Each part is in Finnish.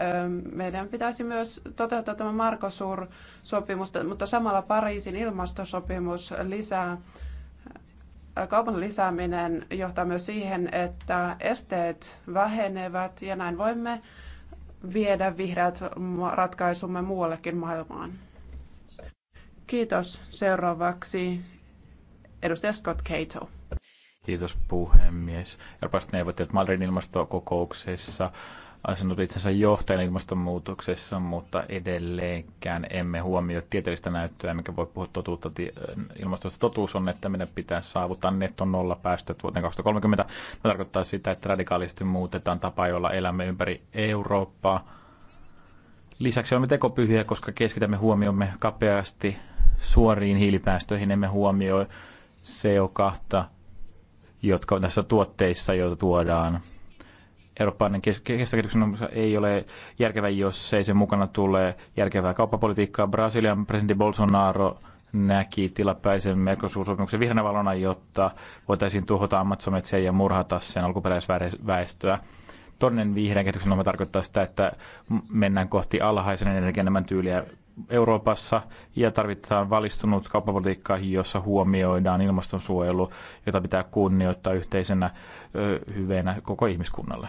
Ähm, meidän pitäisi myös toteuttaa tämä Markosur-sopimus, mutta samalla Pariisin ilmastosopimus lisää äh, kaupan lisääminen johtaa myös siihen, että esteet vähenevät ja näin voimme viedä vihreät ratkaisumme muuallekin maailmaan. Kiitos. Seuraavaksi edustaja Scott Cato. Kiitos puhemies. Euroopan neuvottelut Madridin ilmastokokouksessa asennut itsensä johtajan ilmastonmuutoksessa, mutta edelleenkään emme huomioi tieteellistä näyttöä, mikä voi puhua totuutta ilmastosta. Totuus on, että meidän pitää saavuttaa netto nolla päästöt vuoteen 2030. Tämä tarkoittaa sitä, että radikaalisti muutetaan tapa, jolla elämme ympäri Eurooppaa. Lisäksi olemme tekopyhiä, koska keskitämme huomiomme kapeasti suoriin hiilipäästöihin, emme huomioi CO2, jotka on tässä tuotteissa, joita tuodaan Eurooppalainen kestäkehityksen ei ole järkevä, jos ei sen mukana tule järkevää kauppapolitiikkaa. Brasilian presidentti Bolsonaro näki tilapäisen Mercosur-sopimuksen vihreänä valona, jotta voitaisiin tuhota ammatsometsiä ja murhata sen alkuperäisväestöä. Toinen vihreän kehityksen ohjelma tarkoittaa sitä, että mennään kohti alhaisen energian tyyliä Euroopassa ja tarvitaan valistunut kauppapolitiikka, jossa huomioidaan ilmastonsuojelu, jota pitää kunnioittaa yhteisenä hyveenä koko ihmiskunnalle.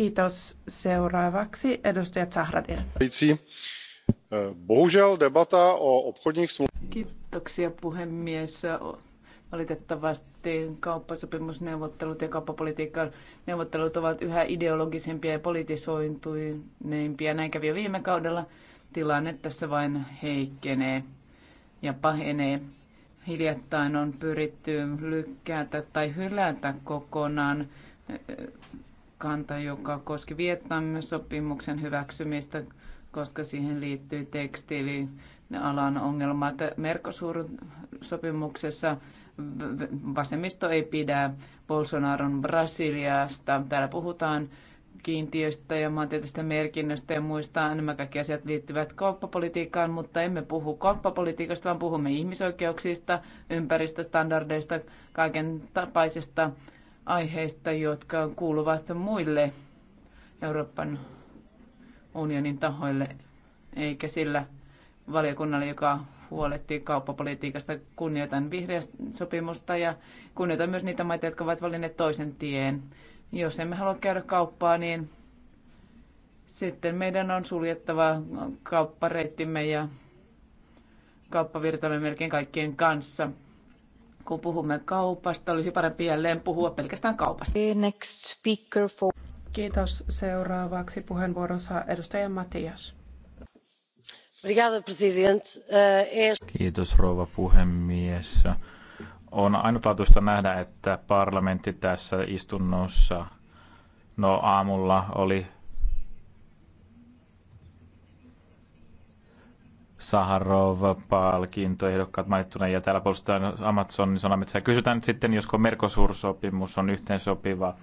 Kiitos. Seuraavaksi edustaja Zahradil. Eh, bohužel debata o obchodních Kiitoksia puhemies. Valitettavasti kauppasopimusneuvottelut ja kauppapolitiikan neuvottelut ovat yhä ideologisempia ja politisointuneimpia. Näin kävi jo viime kaudella. Tilanne tässä vain heikkenee ja pahenee. Hiljattain on pyritty lykkäätä tai hylätä kokonaan eh, kanta, joka koski Vietnam-sopimuksen hyväksymistä, koska siihen liittyy tekstiilialan ongelmat. Mercosur-sopimuksessa vasemmisto ei pidä Bolsonaron Brasiliasta. Täällä puhutaan kiintiöistä ja maantieteellisestä merkinnöstä ja muista. Nämä kaikki asiat liittyvät kauppapolitiikkaan, mutta emme puhu kauppapolitiikasta, vaan puhumme ihmisoikeuksista, ympäristöstandardeista, kaiken tapaisesta aiheista, jotka kuuluvat muille Euroopan unionin tahoille, eikä sillä valiokunnalle, joka huolehtii kauppapolitiikasta. Kunnioitan vihreä sopimusta ja kunnioitan myös niitä maita, jotka ovat valinneet toisen tien. Jos emme halua käydä kauppaa, niin sitten meidän on suljettava kauppareittimme ja kauppavirtamme melkein kaikkien kanssa kun puhumme kaupasta, olisi parempi jälleen puhua pelkästään kaupasta. Next speaker for... Kiitos. Seuraavaksi puheenvuoronsa edustaja Matias. Eh, Kiitos rouva puhemies. On ainutlaatuista nähdä, että parlamentti tässä istunnossa no aamulla oli Saharov-palkintoehdokkaat mainittuna ja täällä puolustetaan Amazonin että Kysytään nyt sitten, josko Mercosur-sopimus on sopiva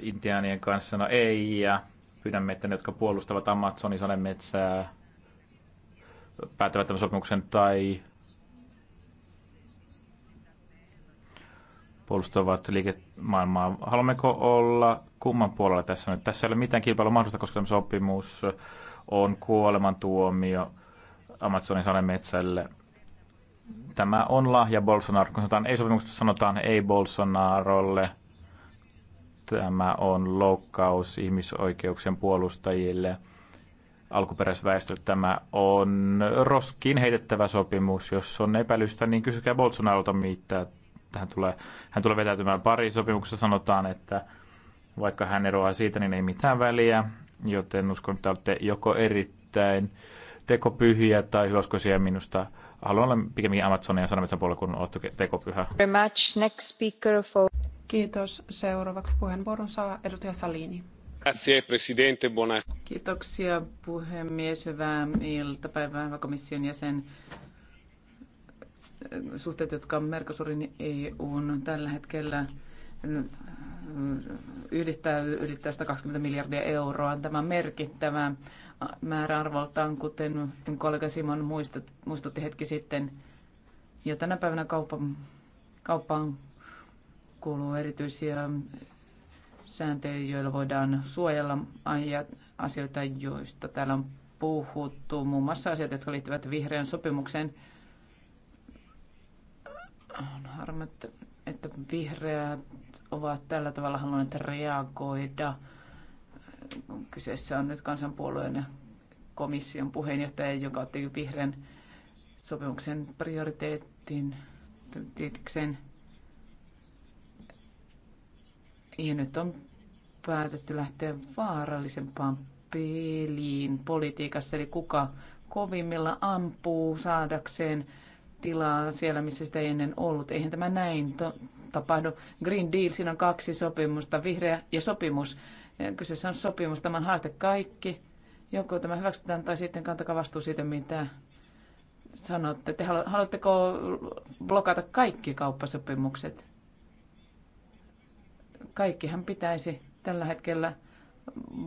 intiaanien kanssa. No ei, ja pyydämme, että ne, jotka puolustavat Amazonin salametsää, päättävät tämän sopimuksen tai puolustavat liikemaailmaa. Haluammeko olla kumman puolella tässä nyt? Tässä ei ole mitään kilpailua mahdollista, koska tämä sopimus on kuolemantuomio Amazonin sademetsälle. Tämä on lahja Bolsonaro, kun sanotaan ei sopimuksesta, sanotaan ei Bolsonarolle. Tämä on loukkaus ihmisoikeuksien puolustajille alkuperäisväestölle. Tämä on roskiin heitettävä sopimus. Jos on epäilystä, niin kysykää Bolsonarolta mitä tähän tulee. Hän tulee vetäytymään pari sopimuksessa sanotaan, että vaikka hän eroaa siitä, niin ei mitään väliä joten uskon, että olette joko erittäin tekopyhiä tai hyväskoisia minusta. Haluan olla pikemminkin Amazonia sanomisen puolella, kun olette tekopyhä. Very much. Next speaker for... Kiitos. Seuraavaksi puheenvuoron saa edustaja Salini. Kiitoksia puhemies. Hyvää iltapäivää, hyvä komission jäsen. Suhteet, jotka on Mercosurin EUn tällä hetkellä yhdistää yli 120 miljardia euroa. Tämä on merkittävä määräarvoltaan, kuten kollega Simon muistutti hetki sitten. Jo tänä päivänä kaupan, kauppaan kuuluu erityisiä sääntöjä, joilla voidaan suojella asioita, joista täällä on puhuttu, muun muassa asiat, jotka liittyvät vihreän sopimukseen. On harmi, että vihreät ovat tällä tavalla halunneet reagoida. Kyseessä on nyt kansanpuolueen ja komission puheenjohtaja, joka otti vihreän sopimuksen prioriteettiin tietikseen. Ja nyt on päätetty lähteä vaarallisempaan peliin politiikassa, eli kuka kovimmilla ampuu saadakseen tilaa siellä, missä sitä ei ennen ollut. Eihän tämä näin to- tapahdu. Green Deal, siinä on kaksi sopimusta, vihreä ja sopimus. Kyseessä on sopimus, tämä on haaste kaikki. Joko tämä hyväksytään tai sitten kantakaa vastuu siitä, mitä sanotte. Te haluatteko blokata kaikki kauppasopimukset? Kaikkihan pitäisi tällä hetkellä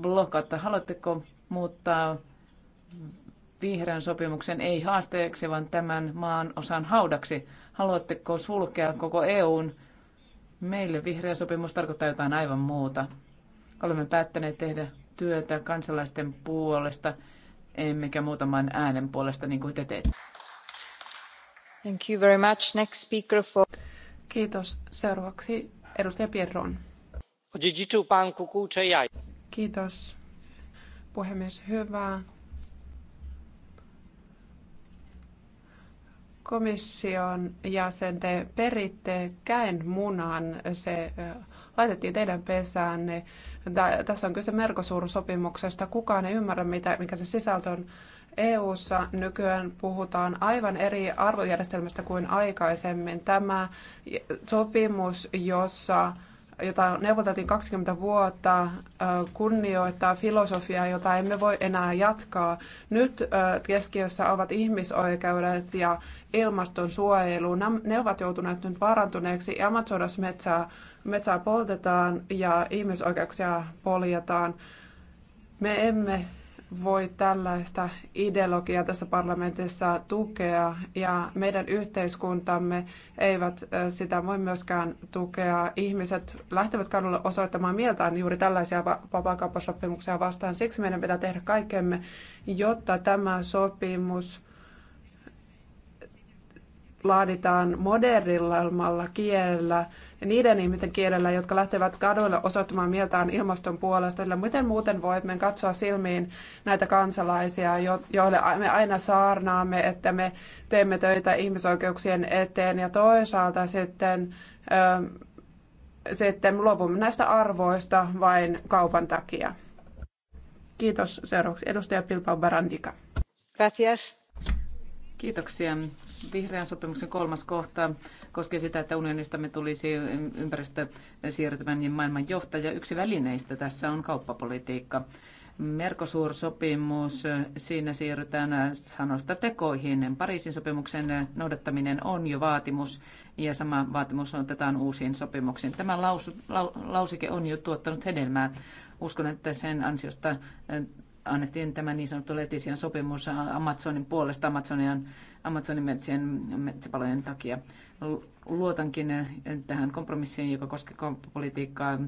blokata. Haluatteko muuttaa vihreän sopimuksen ei haasteeksi, vaan tämän maan osan haudaksi? Haluatteko sulkea koko EUn Meille vihreä sopimus tarkoittaa jotain aivan muuta. Olemme päättäneet tehdä työtä kansalaisten puolesta, emmekä muutaman äänen puolesta niin kuin te teette. Thank you very much. Next speaker for... Kiitos. Seuraavaksi edustaja Pierron. Kiitos puhemies. Hyvää komission jäsen, te peritte käen munan, se laitettiin teidän pesäänne. Tässä on kyse Mercosur-sopimuksesta. Kukaan ei ymmärrä, mitä, mikä se sisältö on. EU:ssa nykyään puhutaan aivan eri arvojärjestelmästä kuin aikaisemmin. Tämä sopimus, jossa jota neuvoteltiin 20 vuotta, kunnioittaa filosofiaa, jota emme voi enää jatkaa. Nyt keskiössä ovat ihmisoikeudet ja ilmastonsuojelu. Ne ovat joutuneet nyt vaarantuneeksi. Amazonas metsää, metsää poltetaan ja ihmisoikeuksia poljetaan. Me emme voi tällaista ideologiaa tässä parlamentissa tukea ja meidän yhteiskuntamme eivät sitä voi myöskään tukea. Ihmiset lähtevät kadulle osoittamaan mieltään juuri tällaisia vapaakauppasopimuksia vastaan. Siksi meidän pitää tehdä kaikkemme, jotta tämä sopimus laaditaan modernilla kielellä niiden ihmisten kielellä, jotka lähtevät kaduille osoittamaan mieltään ilmaston puolesta. Sillä miten muuten voimme katsoa silmiin näitä kansalaisia, joille me aina saarnaamme, että me teemme töitä ihmisoikeuksien eteen ja toisaalta sitten sitten luovumme näistä arvoista vain kaupan takia. Kiitos. Seuraavaksi edustaja Pilpa Barandika. Gracias. Kiitoksia. Vihreän sopimuksen kolmas kohta koskee sitä, että unionistamme tulisi ympäristösiirtymän ja maailman johtaja. Yksi välineistä tässä on kauppapolitiikka. Merkosuursopimus, sopimus siinä siirrytään sanoista tekoihin. Pariisin sopimuksen noudattaminen on jo vaatimus ja sama vaatimus otetaan uusiin sopimuksiin. Tämä laus, lau, lausike on jo tuottanut hedelmää. Uskon, että sen ansiosta eh, annettiin tämä niin sanottu Letisian sopimus Amazonin puolesta Amazonian, Amazonin metsien metsäpalojen takia luotankin tähän kompromissiin, joka koskee kauppapolitiikkaa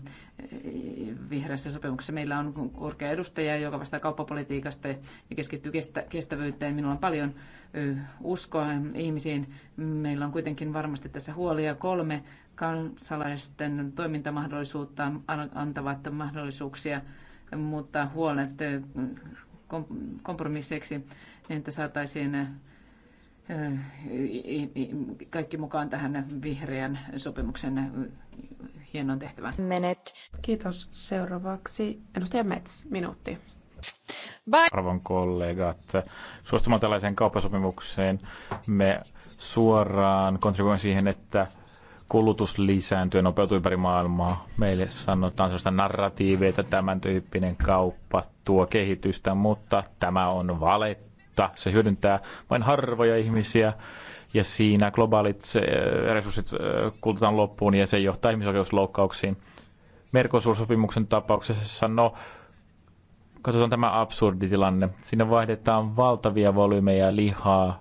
vihreässä sopimuksessa. Meillä on korkea edustaja, joka vastaa kauppapolitiikasta ja keskittyy kestä- kestävyyteen. Minulla on paljon uskoa ihmisiin. Meillä on kuitenkin varmasti tässä huolia. Kolme kansalaisten toimintamahdollisuutta antavat mahdollisuuksia mutta huolet kompromisseiksi, niin että saataisiin kaikki mukaan tähän vihreän sopimuksen hienon tehtävään. Menet. Kiitos. Seuraavaksi edustaja Mets, minuutti. Bye. Arvon kollegat, suostumaan tällaiseen kauppasopimukseen me suoraan kontribuoimme siihen, että kulutus lisääntyy ja nopeutuu ympäri maailmaa. Meille sanotaan sellaista narratiiveita, että tämän tyyppinen kauppa tuo kehitystä, mutta tämä on valetta mutta se hyödyntää vain harvoja ihmisiä ja siinä globaalit eh, resurssit eh, kulutetaan loppuun ja se johtaa ihmisoikeusloukkauksiin. mercosur tapauksessa, no katsotaan tämä absurdi tilanne. Siinä vaihdetaan valtavia volyymeja lihaa.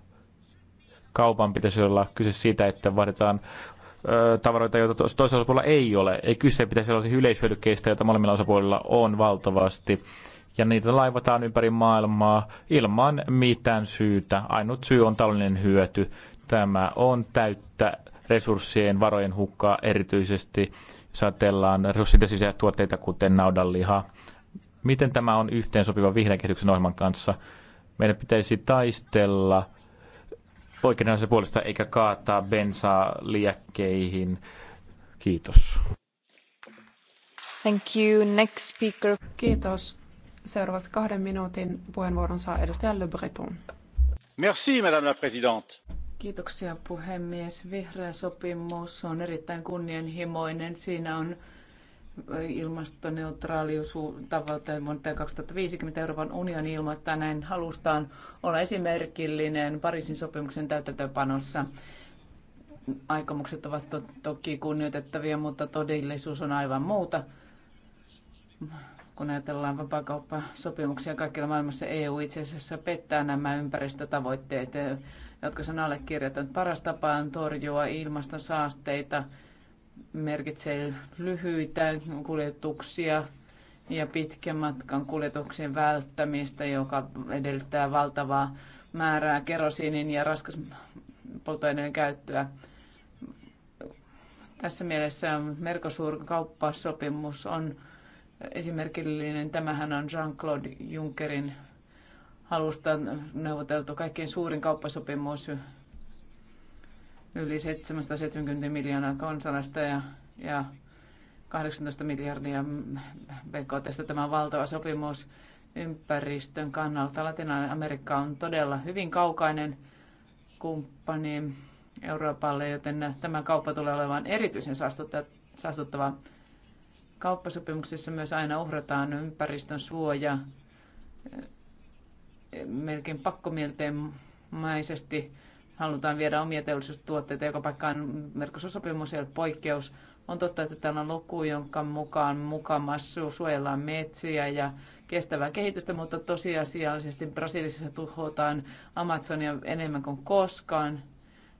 Kaupan pitäisi olla kyse siitä, että vaihdetaan eh, tavaroita, joita toisella osapuolella ei ole. Ei kyse pitäisi olla siis yleishyödykkeistä, joita molemmilla osapuolilla on valtavasti ja niitä laivataan ympäri maailmaa ilman mitään syytä. Ainut syy on taloudellinen hyöty. Tämä on täyttä resurssien varojen hukkaa erityisesti, jos ajatellaan resurssintesisiä tuotteita, kuten naudanliha. Miten tämä on yhteensopiva vihreän kehityksen ohjelman kanssa? Meidän pitäisi taistella oikeudenlaisen puolesta eikä kaataa bensaa liekkeihin. Kiitos. Thank you. Next speaker. Kiitos. Seuraavaksi kahden minuutin puheenvuoron saa edustaja Le Breton. Merci, madame la présidente. Kiitoksia puhemies. Vihreä sopimus on erittäin kunnianhimoinen. Siinä on ilmastoneutraaliustavoite vuonna 2050 Euroopan unioni ilmoittaa näin halustaan olla esimerkillinen Pariisin sopimuksen täytäntöönpanossa. Aikomukset ovat to- toki kunnioitettavia, mutta todellisuus on aivan muuta kun ajatellaan vapaakauppasopimuksia kaikkialla maailmassa, EU itse asiassa pettää nämä ympäristötavoitteet, jotka sen allekirjoittanut. Paras tapa on torjua ilmastosaasteita, merkitsee lyhyitä kuljetuksia ja pitkän matkan kuljetuksien välttämistä, joka edellyttää valtavaa määrää kerosiinin ja raskas polttoaineiden käyttöä. Tässä mielessä Mercosur-kauppasopimus on esimerkillinen. Tämähän on Jean-Claude Junckerin alusta neuvoteltu kaikkein suurin kauppasopimus yli 770 miljoonaa kansalaista ja, ja 18 miljardia BKT. Tämä on valtava sopimus ympäristön kannalta. Latinalainen Amerikka on todella hyvin kaukainen kumppani Euroopalle, joten tämä kauppa tulee olemaan erityisen saastuttava Kauppasopimuksissa myös aina uhrataan ympäristön suoja melkein pakkomielteenmäisesti halutaan viedä omia teollisuustuotteita joka paikkaan. Mercosur-sopimus ei ole poikkeus. On totta, että täällä on luku, jonka mukaan mukamas suojellaan metsiä ja kestävää kehitystä, mutta tosiasiallisesti Brasiliassa tuhotaan Amazonia enemmän kuin koskaan,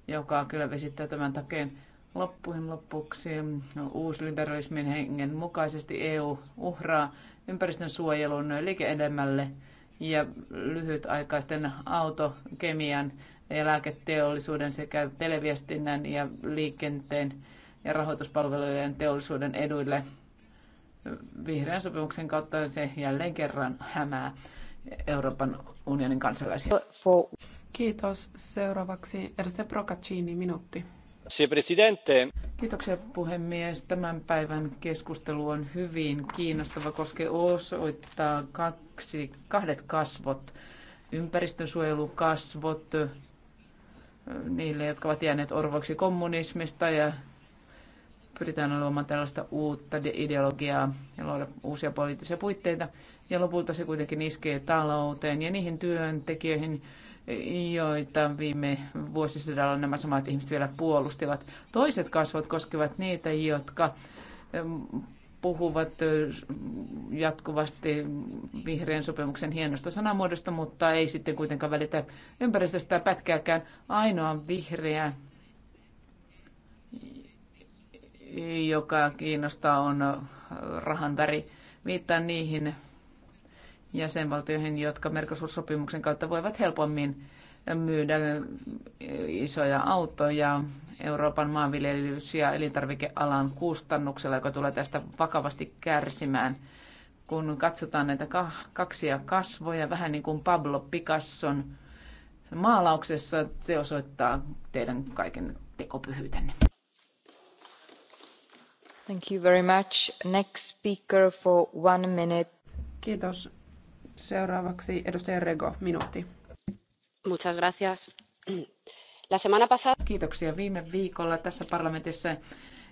joka kyllä vesittää tämän takeen. Loppujen lopuksi uusliberalismin hengen mukaisesti EU uhraa ympäristön suojelun liike-elämälle ja lyhytaikaisten autokemian ja lääketeollisuuden sekä televiestinnän ja liikenteen ja rahoituspalvelujen teollisuuden eduille. Vihreän sopimuksen kautta se jälleen kerran hämää Euroopan unionin kansalaisia. Kiitos. Seuraavaksi edustaja Procaccini, minuutti. Kiitoksia puhemies. Tämän päivän keskustelu on hyvin kiinnostava, koska osoittaa kaksi, kahdet kasvot. Ympäristönsuojelukasvot niille, jotka ovat jääneet orvoiksi kommunismista ja pyritään luomaan tällaista uutta ideologiaa ja luoda uusia poliittisia puitteita. Ja lopulta se kuitenkin iskee talouteen ja niihin työntekijöihin, joita viime vuosisadalla nämä samat ihmiset vielä puolustivat. Toiset kasvot koskevat niitä, jotka puhuvat jatkuvasti vihreän sopimuksen hienosta sanamuodosta, mutta ei sitten kuitenkaan välitä ympäristöstä pätkääkään. Ainoa vihreä, joka kiinnostaa, on rahan väri. Viittaan niihin jäsenvaltioihin, jotka Mercosur-sopimuksen kautta voivat helpommin myydä isoja autoja Euroopan maanviljelys- ja elintarvikealan kustannuksella, joka tulee tästä vakavasti kärsimään. Kun katsotaan näitä kaksia kasvoja, vähän niin kuin Pablo Picasson maalauksessa, se osoittaa teidän kaiken tekopyhyytenne. Thank you very much. Next speaker for one minute. Kiitos. Seuraavaksi edustaja Rego, minuutti. Muchas gracias. La semana pasada... Kiitoksia. Viime viikolla tässä parlamentissa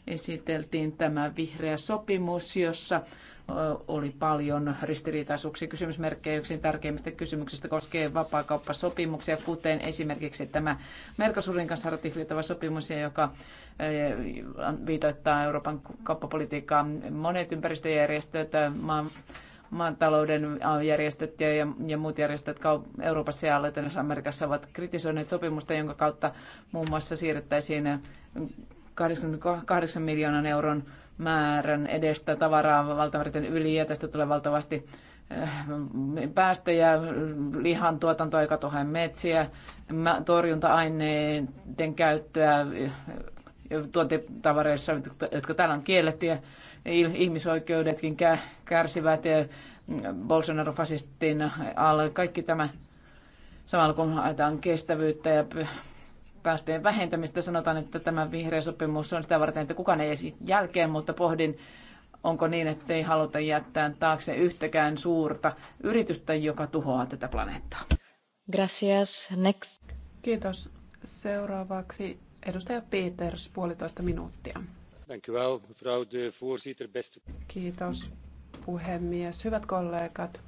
esiteltiin tämä vihreä sopimus, jossa oli paljon ristiriitaisuuksia kysymysmerkkejä. Yksi tärkeimmistä kysymyksistä koskee vapaakauppasopimuksia, kuten esimerkiksi tämä Merkosurin kanssa ratifioitava sopimus, joka viitoittaa Euroopan kauppapolitiikkaa. Monet ympäristöjärjestöt, maan maatalouden järjestöt ja, ja muut järjestöt Euroopassa ja Latinalaisessa Amerikassa ovat kritisoineet sopimusta, jonka kautta muun muassa siirrettäisiin 88 miljoonan euron määrän edestä tavaraa valtavariten yli ja tästä tulee valtavasti äh, päästöjä, lihan tuotantoa, joka tuhoaa metsiä, torjunta-aineiden käyttöä äh, tuotetavareissa, jotka täällä on kielletty ihmisoikeudetkin kärsivät mm, Bolsonaro-fasistin alle. Kaikki tämä samalla kun haetaan kestävyyttä ja päästöjen vähentämistä. Sanotaan, että tämä vihreä sopimus on sitä varten, että kukaan ei jäisi jälkeen, mutta pohdin, onko niin, että ei haluta jättää taakse yhtäkään suurta yritystä, joka tuhoaa tätä planeettaa. Gracias. Next. Kiitos. Seuraavaksi edustaja Peters, puolitoista minuuttia. Kiitos puhemies. Hyvät kollegat,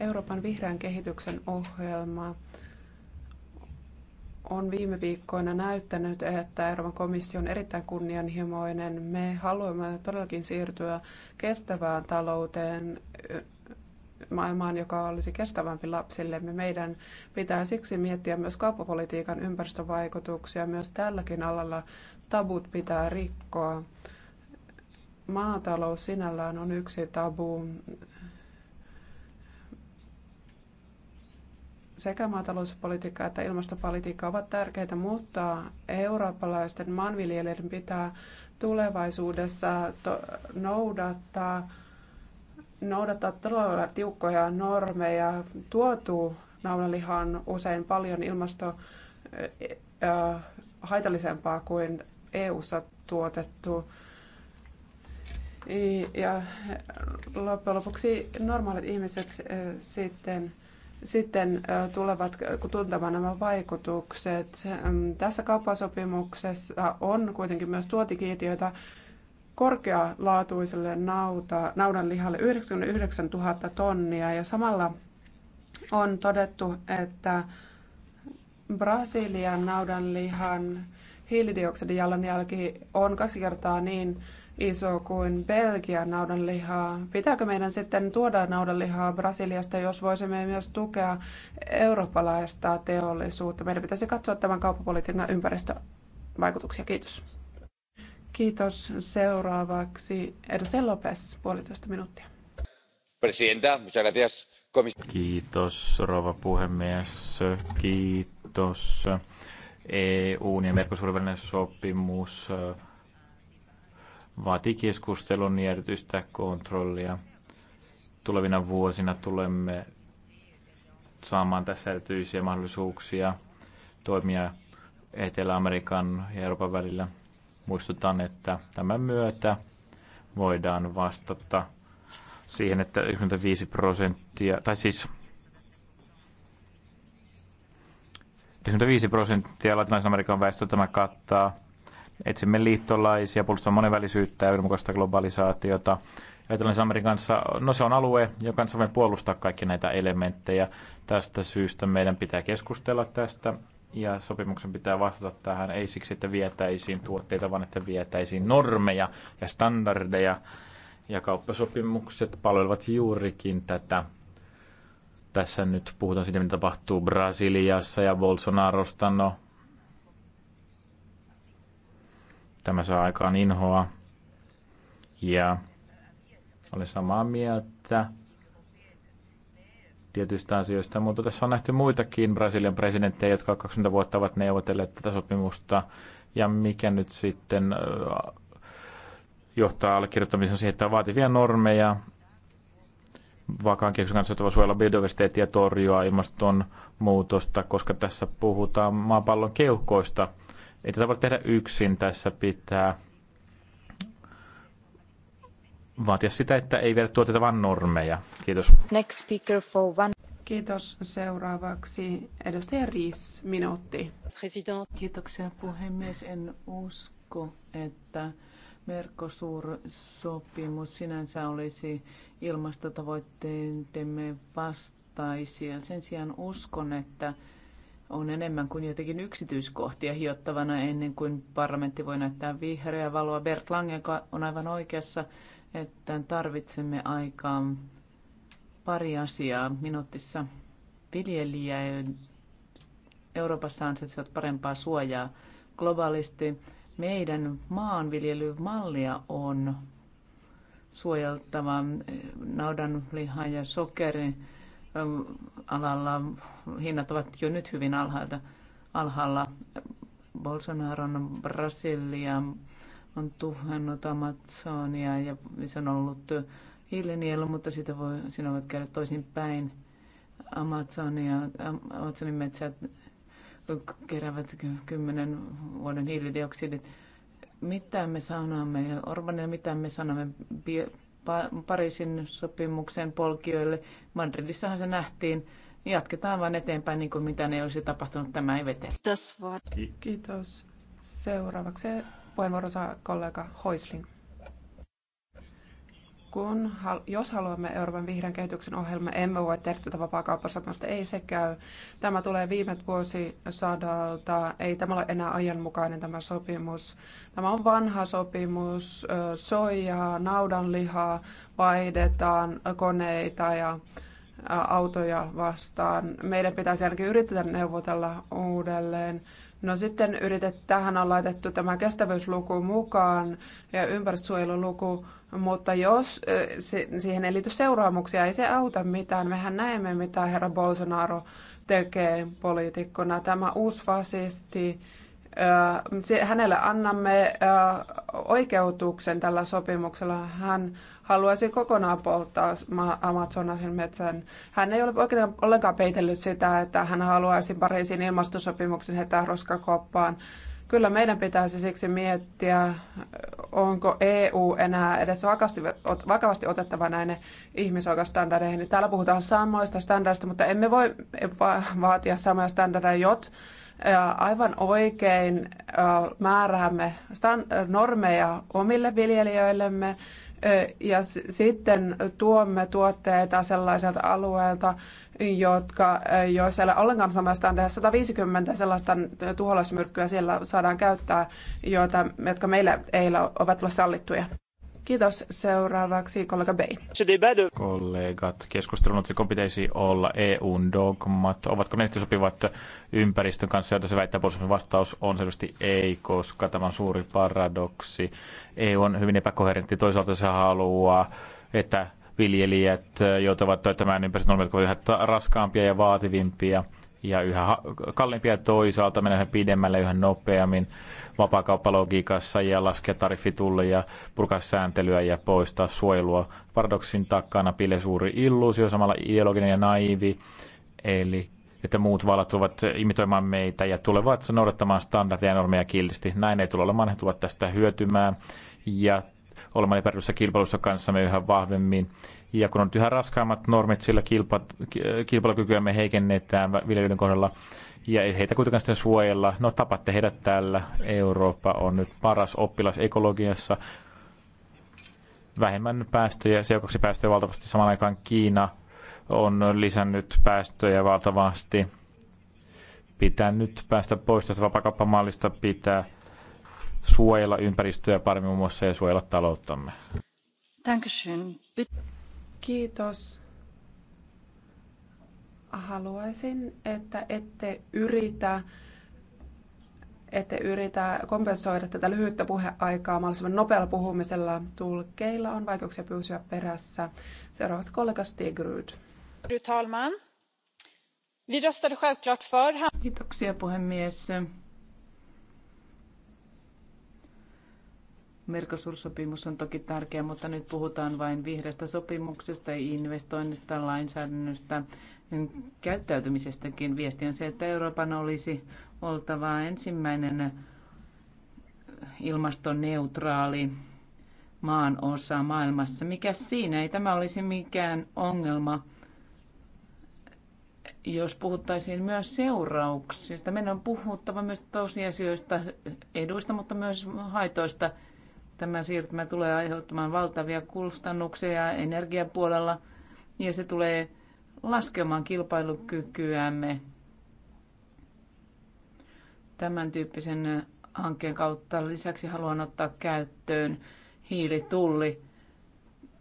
Euroopan vihreän kehityksen ohjelma on viime viikkoina näyttänyt, että Euroopan komissio on erittäin kunnianhimoinen. Me haluamme todellakin siirtyä kestävään talouteen maailmaan, joka olisi kestävämpi lapsillemme. Meidän pitää siksi miettiä myös kauppapolitiikan ympäristövaikutuksia. Myös tälläkin alalla tabut pitää rikkoa. Maatalous sinällään on yksi tabu. Sekä maatalouspolitiikka että ilmastopolitiikka ovat tärkeitä, mutta eurooppalaisten maanviljelijöiden pitää tulevaisuudessa noudattaa noudattaa todella tiukkoja normeja. Tuotu naudanliha on usein paljon ilmasto haitallisempaa kuin EU-ssa tuotettu. Ja loppujen lopuksi normaalit ihmiset sitten, sitten tulevat tuntemaan nämä vaikutukset. Tässä kauppasopimuksessa on kuitenkin myös tuotikiitiöitä, korkealaatuiselle nauta, naudanlihalle 99 000 tonnia ja samalla on todettu, että Brasilian naudanlihan hiilidioksidijalanjälki on kaksi kertaa niin iso kuin Belgian naudanlihaa. Pitääkö meidän sitten tuoda naudanlihaa Brasiliasta, jos voisimme myös tukea eurooppalaista teollisuutta? Meidän pitäisi katsoa tämän kauppapolitiikan ympäristövaikutuksia. Kiitos. Kiitos. Seuraavaksi edustaja Lopes, puolitoista minuuttia. Presidenta, muchas gracias. Kiitos, rouva puhemies. Kiitos. EUn ja Mercosurin sopimus äh, vaatii keskustelun ja erityistä kontrollia. Tulevina vuosina tulemme saamaan tässä erityisiä mahdollisuuksia toimia Etelä-Amerikan ja Euroopan välillä – Muistutan, että tämän myötä voidaan vastata siihen, että 95 prosenttia, tai siis 95 prosenttia Latinalaisen väestö tämä kattaa. Etsimme liittolaisia, puolustamme monenvälisyyttä ja yhdenmukaista globalisaatiota. Etelänsä Amerikassa, no se on alue, joka kanssa voimme puolustaa kaikki näitä elementtejä. Tästä syystä meidän pitää keskustella tästä ja sopimuksen pitää vastata tähän ei siksi, että vietäisiin tuotteita, vaan että vietäisiin normeja ja standardeja. Ja kauppasopimukset palvelevat juurikin tätä. Tässä nyt puhutaan siitä, mitä tapahtuu Brasiliassa ja Bolsonarosta. No, tämä saa aikaan inhoa. Ja olen samaa mieltä tietyistä asioista, mutta tässä on nähty muitakin Brasilian presidenttejä, jotka 20 vuotta ovat neuvotelleet tätä sopimusta, ja mikä nyt sitten johtaa allekirjoittamiseen siihen, että on vaativia normeja, vakaan kehityksen kanssa suojella biodiversiteettiä ja torjua ilmastonmuutosta, koska tässä puhutaan maapallon keuhkoista. Ei tätä voi tehdä yksin, tässä pitää vaatia sitä, että ei vielä tuoteta vain normeja. Kiitos. Next speaker for one. Kiitos. Seuraavaksi edustaja Riis, minuutti. President. Kiitoksia puhemies. En usko, että Mercosur-sopimus sinänsä olisi ilmastotavoitteidemme vastaisia. Sen sijaan uskon, että on enemmän kuin jotenkin yksityiskohtia hiottavana ennen kuin parlamentti voi näyttää vihreää valoa. Bert Lange on aivan oikeassa että tarvitsemme aikaa pari asiaa minuutissa. Viljelijä Euroopassa ansaitsevat parempaa suojaa globaalisti. Meidän maanviljelymallia on suojeltava liha ja sokerin alalla. Hinnat ovat jo nyt hyvin alhaalta, alhaalla. Bolsonaron Brasilian on tuhannut Amazonia ja se on ollut hiilinielu, mutta sitä voi, siinä voit käydä toisin päin. Amazonia, Amazonin metsät keräävät kymmenen vuoden hiilidioksidit. Mitä me sanomme, Orbanille, mitä me sanomme Pariisin sopimuksen polkijoille? Madridissahan se nähtiin. Jatketaan vain eteenpäin niin kuin mitä ne olisi tapahtunut. Tämä ei vetele. Kiitos. Seuraavaksi puheenvuoronsa kollega Hoislin. Kun, jos haluamme Euroopan vihreän kehityksen ohjelman, emme voi tehdä tätä vapaakauppasopimusta. Ei se käy. Tämä tulee viime vuosisadalta. Ei tämä ole enää ajanmukainen tämä sopimus. Tämä on vanha sopimus. Soijaa, naudanlihaa vaihdetaan, koneita ja autoja vastaan. Meidän pitäisi ainakin yrittää neuvotella uudelleen. No sitten yritet, tähän on laitettu tämä kestävyysluku mukaan ja ympäristösuojeluluku, mutta jos se, siihen ei liity seuraamuksia, ei se auta mitään. Mehän näemme, mitä herra Bolsonaro tekee poliitikkona. Tämä uusfasisti, hänelle annamme oikeutuksen tällä sopimuksella. Hän haluaisi kokonaan polttaa Amazonasin metsän. Hän ei ole oikein ollenkaan peitellyt sitä, että hän haluaisi Pariisin ilmastosopimuksen heittää roskakoppaan. Kyllä meidän pitäisi siksi miettiä, onko EU enää edes vakavasti, vakavasti otettava näiden ihmisoikeusstandardeihin. Täällä puhutaan samoista standardeista, mutta emme voi vaatia samoja standardeja, jot aivan oikein määräämme normeja omille viljelijöillemme ja sitten tuomme tuotteita sellaiselta alueelta, jotka, joissa ei ole ollenkaan samalla standardilla 150 sellaista tuholaismyrkkyä siellä saadaan käyttää, joita, jotka meillä ei ole, ovat ole sallittuja. Kiitos. Seuraavaksi kollega Bay. Kollegat, keskustelun otsikko pitäisi olla EUn dogmat. Ovatko ne sopivat ympäristön kanssa, jota se väittää puolustuksen vastaus on selvästi ei, koska tämä on suuri paradoksi. EU on hyvin epäkoherentti. Toisaalta se haluaa, että viljelijät joutuvat täyttämään ympäristön jotka ovat raskaampia ja vaativimpia ja yhä kalliimpia toisaalta, mennä yhä pidemmälle yhä nopeammin vapaakauppalogiikassa ja laskea ja purkaa sääntelyä ja poistaa suojelua. Paradoksin takana piilee suuri illuusio, samalla ideologinen ja naivi, eli että muut vallat tulevat imitoimaan meitä ja tulevat noudattamaan standardeja ja normeja kiltisti. Näin ei tule olemaan, he tulevat tästä hyötymään ja olemaan epäilyssä kilpailussa kanssamme yhä vahvemmin. Ja kun on yhä raskaammat normit, sillä kilpa, kilpailukykyämme heikennetään viljelyiden kohdalla ja ei heitä kuitenkaan sitten suojella. No tapatte heidät täällä. Eurooppa on nyt paras oppilas ekologiassa. Vähemmän päästöjä, co päästöjä valtavasti samaan aikaan Kiina on lisännyt päästöjä valtavasti. Pitää nyt päästä pois tästä vapakauppamallista, pitää suojella ympäristöä paremmin muun muassa ja suojella talouttamme. Kiitos. Haluaisin, että ette yritä ette yritä kompensoida tätä lyhyttä puheaikaa mahdollisimman nopealla puhumisella. Tulkeilla on vaikeuksia pysyä perässä. Seuraavaksi kollega Stigrud. Fru talman. Vi röstade självklart för... Kiitoksia puhemies. Mercosur-sopimus on toki tärkeä, mutta nyt puhutaan vain vihreästä sopimuksesta, investoinnista, lainsäädännöstä, käyttäytymisestäkin. Viesti on se, että Euroopan olisi oltava ensimmäinen ilmastoneutraali maan osa maailmassa. Mikä siinä? Ei tämä olisi mikään ongelma, jos puhuttaisiin myös seurauksista. Meidän on puhuttava myös tosiasioista, eduista, mutta myös haitoista – Tämä siirtymä tulee aiheuttamaan valtavia kustannuksia energiapuolella ja se tulee laskemaan kilpailukykyämme. Tämän tyyppisen hankkeen kautta lisäksi haluan ottaa käyttöön hiilitulli.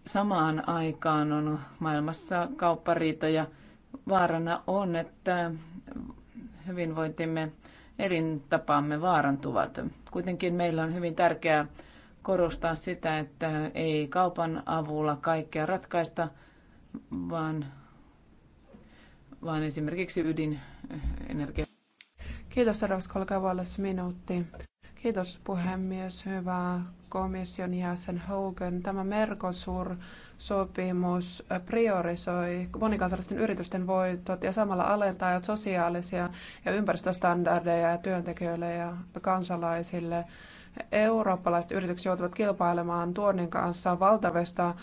Samaan aikaan on maailmassa kauppariitoja. Vaarana on, että hyvinvointimme elintapaamme vaarantuvat. Kuitenkin meillä on hyvin tärkeää korostaa sitä, että ei kaupan avulla kaikkea ratkaista, vaan, vaan esimerkiksi ydinenergia. Kiitos Ranskolka Wallace minuutti. Kiitos puhemies, hyvä komission jäsen Hogan. Tämä Mercosur-sopimus priorisoi monikansallisten yritysten voitot ja samalla alentaa sosiaalisia ja ympäristöstandardeja työntekijöille ja kansalaisille Eurooppalaiset yritykset joutuvat kilpailemaan tuonnin kanssa valtavista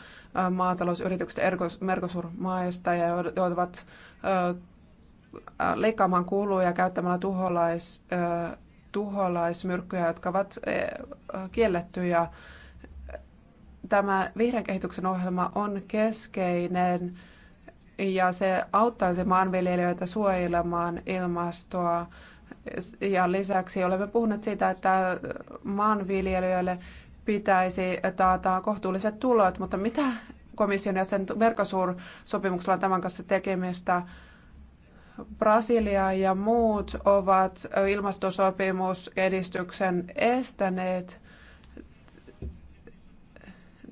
maatalousyrityksistä Mercosur-maista ja joutuvat leikkaamaan kuluja käyttämällä tuholais, tuholaismyrkkyjä, jotka ovat kiellettyjä. Tämä vihreän kehityksen ohjelma on keskeinen ja se auttaisi maanviljelijöitä suojelemaan ilmastoa. Ja lisäksi olemme puhuneet siitä, että maanviljelijöille pitäisi taata kohtuulliset tulot, mutta mitä komission ja sen Mercosur-sopimuksella tämän kanssa tekemistä? Brasilia ja muut ovat ilmastosopimusedistyksen estäneet.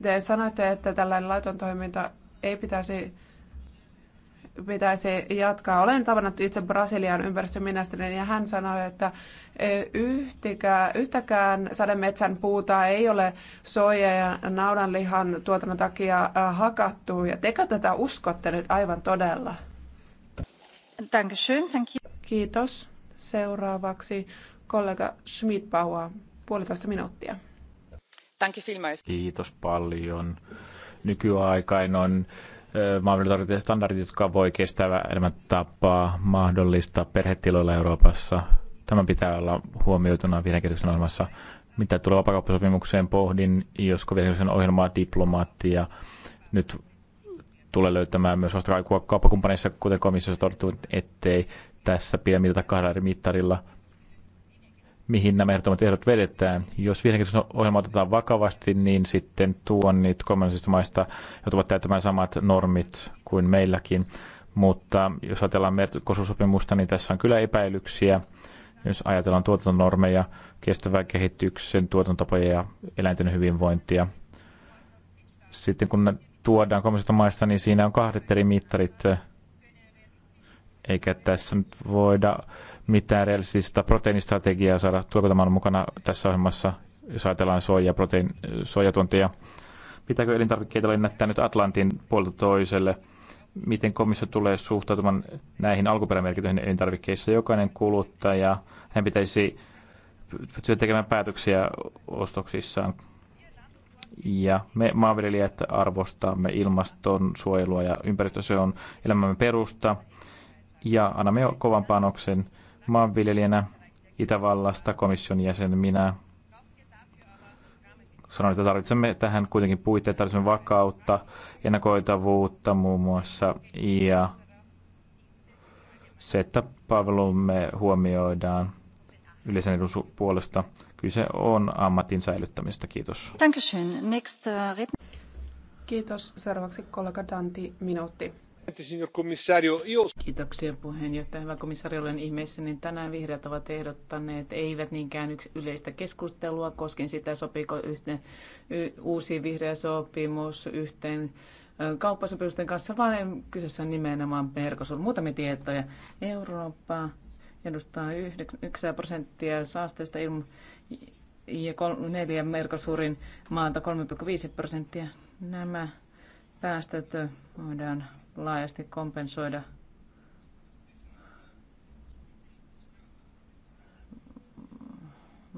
Te sanoitte, että tällainen laiton toiminta ei pitäisi pitäisi jatkaa. Olen tavannut itse Brasilian ympäristöministerin ja hän sanoi, että e, yhtikään, yhtäkään sademetsän puuta ei ole soija ja naudanlihan tuotannon takia e, hakattu. Ja tekö tätä uskotte nyt aivan todella? Kiitos. Seuraavaksi kollega Schmidt-Paua, puolitoista minuuttia. Kiitos paljon. Nykyaikainen on maanviljelytarvitteet standardit, jotka voi enemmän tapaa mahdollista perhetiloilla Euroopassa. Tämä pitää olla huomioituna viidenkirjoituksen ohjelmassa. Mitä tulee vapakauppasopimukseen pohdin, josko viidenkirjoituksen ohjelmaa diplomaattia nyt tulee löytämään myös vasta kauppakumppaneissa, kuten komissiossa todettu, ettei tässä pidä mitata kahdella eri mittarilla – mihin nämä ehdottomat ehdot vedetään. Jos ohjelma otetaan vakavasti, niin sitten tuon niitä kolmansista maista joutuvat täyttämään samat normit kuin meilläkin. Mutta jos ajatellaan Merkosusopimusta, niin tässä on kyllä epäilyksiä. Jos ajatellaan tuotantonormeja, kestävää kehityksen tuotantotapoja ja eläinten hyvinvointia. Sitten kun tuodaan kolmansista maista, niin siinä on kahdet eri mittarit. Eikä tässä nyt voida mitään realistista proteiinistrategiaa saada tuotantomaan mukana tässä ohjelmassa, jos ajatellaan soja, protein, soijatuontia. Pitääkö elintarvikkeita lennättää nyt Atlantin puolta toiselle? Miten komissio tulee suhtautumaan näihin alkuperämerkitöihin elintarvikkeissa? Jokainen kuluttaja, hän pitäisi pystyä tekemään päätöksiä ostoksissaan. Ja me maanviljelijät arvostamme suojelua ja ympäristö, se on elämämme perusta. Ja annamme kovan panoksen maanviljelijänä Itävallasta komission jäsen minä sanoin, että tarvitsemme tähän kuitenkin puitteet, tarvitsemme vakautta, ennakoitavuutta muun muassa ja se, että palvelumme huomioidaan yleisen edun puolesta. Kyse on ammatin säilyttämisestä. Kiitos. Uh, Kiitos. Seuraavaksi kollega Danti, minuutti. Kiitoksia puheenjohtaja. Hyvä komissaari, olen ihmeessä, niin tänään vihreät ovat ehdottaneet, eivät niinkään yksi yleistä keskustelua koskien sitä, sopiiko yhteen, y, uusi vihreä sopimus yhteen kauppasopimusten kanssa, vaan kyseessä on nimenomaan Mercosur. Muutamia tietoja. Eurooppa edustaa 9 prosenttia saasteista ilman ja neljä Mercosurin maata 3,5 prosenttia. Nämä päästöt voidaan laajasti kompensoida